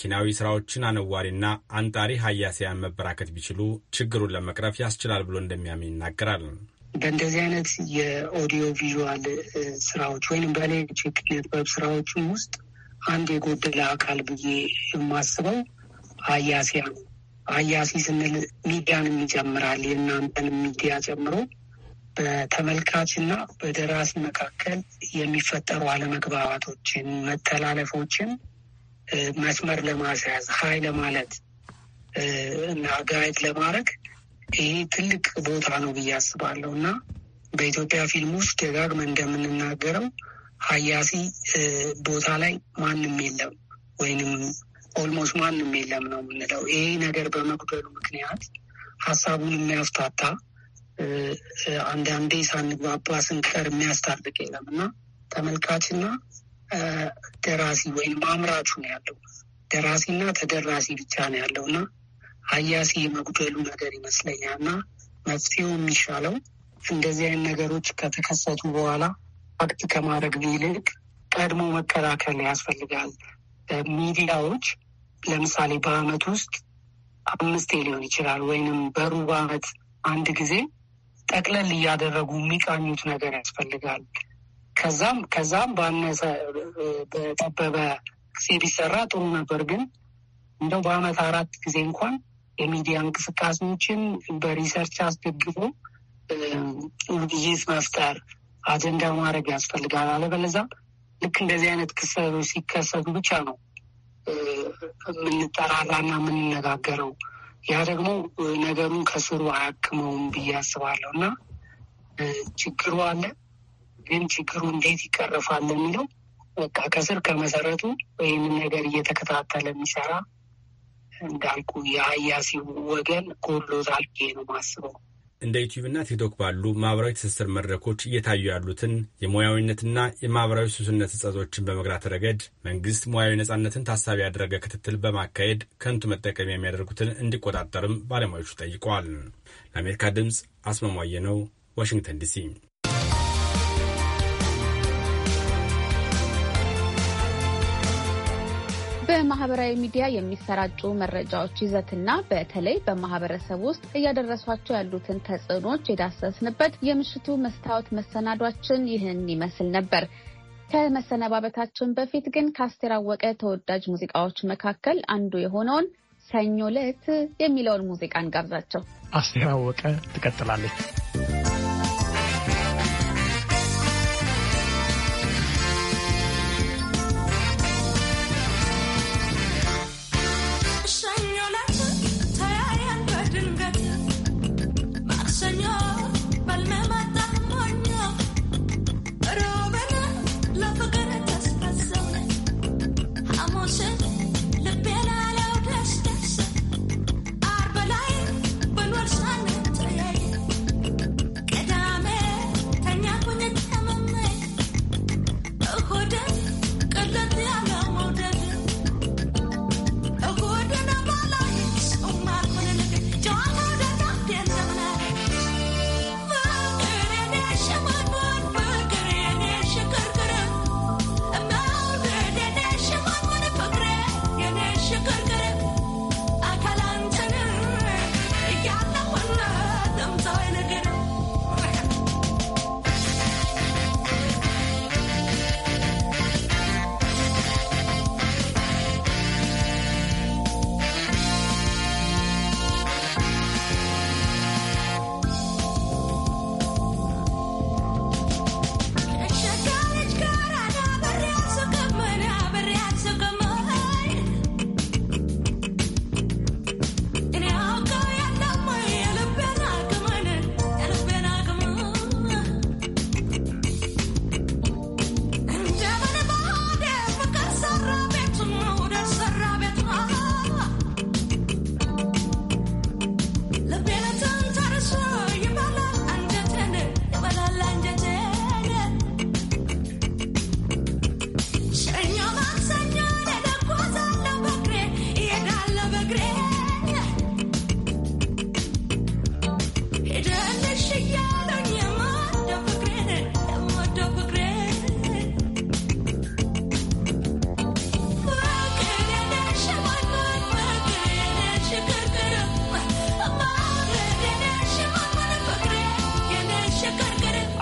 K: ኪናዊ ስራዎችን አነዋሪና አንጣሪ ሀያሲያን መበራከት ቢችሉ ችግሩን ለመቅረፍ ያስችላል ብሎ እንደሚያምን ይናገራል።
G: በእንደዚህ አይነት የኦዲዮ ቪዥዋል ስራዎች ወይም በሌሎች የኪነ ጥበብ ውስጥ አንድ የጎደለ አካል ብዬ የማስበው አያሲያ ነው። አያሲ ስንል ሚዲያንም ይጨምራል። የእናንተን ሚዲያ ጨምሮ በተመልካችና በደራሲ መካከል የሚፈጠሩ አለመግባባቶችን፣ መተላለፎችን መስመር ለማስያዝ ሀይ ለማለት እና ጋይድ ለማድረግ ይሄ ትልቅ ቦታ ነው ብዬ አስባለሁ እና በኢትዮጵያ ፊልም ውስጥ ደጋግመን እንደምንናገረው ሀያሲ ቦታ ላይ ማንም የለም ወይንም ኦልሞስት ማንም የለም ነው የምንለው። ይሄ ነገር በመጉደሉ ምክንያት ሀሳቡን የሚያፍታታ አንዳንዴ ሳንግባባ ስንቀር የሚያስታርቅ የለም እና ተመልካችና ደራሲ ወይም አምራቹ ነው ያለው። ደራሲና ተደራሲ ብቻ ነው ያለው እና አያሲ የመጉደሉ ነገር ይመስለኛል እና መፍትሄው የሚሻለው እንደዚህ አይነት ነገሮች ከተከሰቱ በኋላ አክት ከማድረግ ይልቅ ቀድሞ መከላከል ያስፈልጋል። ሚዲያዎች ለምሳሌ በአመት ውስጥ አምስቴ ሊሆን ይችላል ወይንም በሩብ አመት አንድ ጊዜ ጠቅለል እያደረጉ የሚቃኙት ነገር ያስፈልጋል። ከዛም ከዛም ባነሰ በጠበበ ጊዜ ቢሰራ ጥሩ ነበር። ግን እንደው በአመት አራት ጊዜ እንኳን የሚዲያ እንቅስቃሴዎችን በሪሰርች አስደግፎ ውይይት መፍጠር አጀንዳ ማድረግ ያስፈልጋል። አለበለዛ ልክ እንደዚህ አይነት ክስተቶች ሲከሰቱ ብቻ ነው የምንጠራራ እና የምንነጋገረው። ያ ደግሞ ነገሩን ከስሩ አያክመውም ብዬ አስባለሁ እና ችግሩ አለ ግን ችግሩ እንዴት ይቀረፋል የሚለው በቃ ከስር ከመሰረቱ ይህንን ነገር እየተከታተለ የሚሰራ እንዳልኩ የሀያሲው ወገን ጎሎታል ብዬ ነው ማስበው።
K: እንደ ዩቲዩብና ቲክቶክ ባሉ ማህበራዊ ትስስር መድረኮች እየታዩ ያሉትን የሙያዊነትና የማህበራዊ ሱስነት እጸቶችን በመግራት ረገድ መንግስት ሙያዊ ነጻነትን ታሳቢ ያደረገ ክትትል በማካሄድ ከንቱ መጠቀሚያ የሚያደርጉትን እንዲቆጣጠርም ባለሙያዎቹ ጠይቀዋል። ለአሜሪካ ድምፅ አስማማየ ነው፣ ዋሽንግተን ዲሲ።
B: በማህበራዊ ሚዲያ የሚሰራጩ መረጃዎች ይዘትና በተለይ በማህበረሰብ ውስጥ እያደረሷቸው ያሉትን ተጽዕኖች የዳሰስንበት የምሽቱ መስታወት መሰናዷችን ይህን ይመስል ነበር። ከመሰነባበታችን በፊት ግን ከአስቴር አወቀ ተወዳጅ ሙዚቃዎች መካከል አንዱ የሆነውን ሰኞ ለት የሚለውን ሙዚቃ እንጋብዛቸው።
A: አስቴር አወቀ ትቀጥላለች።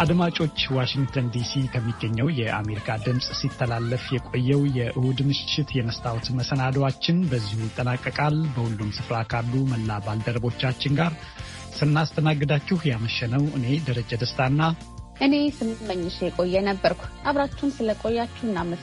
A: አድማጮች፣ ዋሽንግተን ዲሲ ከሚገኘው የአሜሪካ ድምፅ ሲተላለፍ የቆየው የእሁድ ምሽት የመስታወት መሰናዶችን በዚሁ ይጠናቀቃል። በሁሉም ስፍራ ካሉ መላ ባልደረቦቻችን ጋር ስናስተናግዳችሁ ያመሸነው እኔ ደረጀ ደስታና
B: እኔ ስመኝሽ የቆየ ነበርኩ። አብራችሁን ስለቆያችሁ እናመ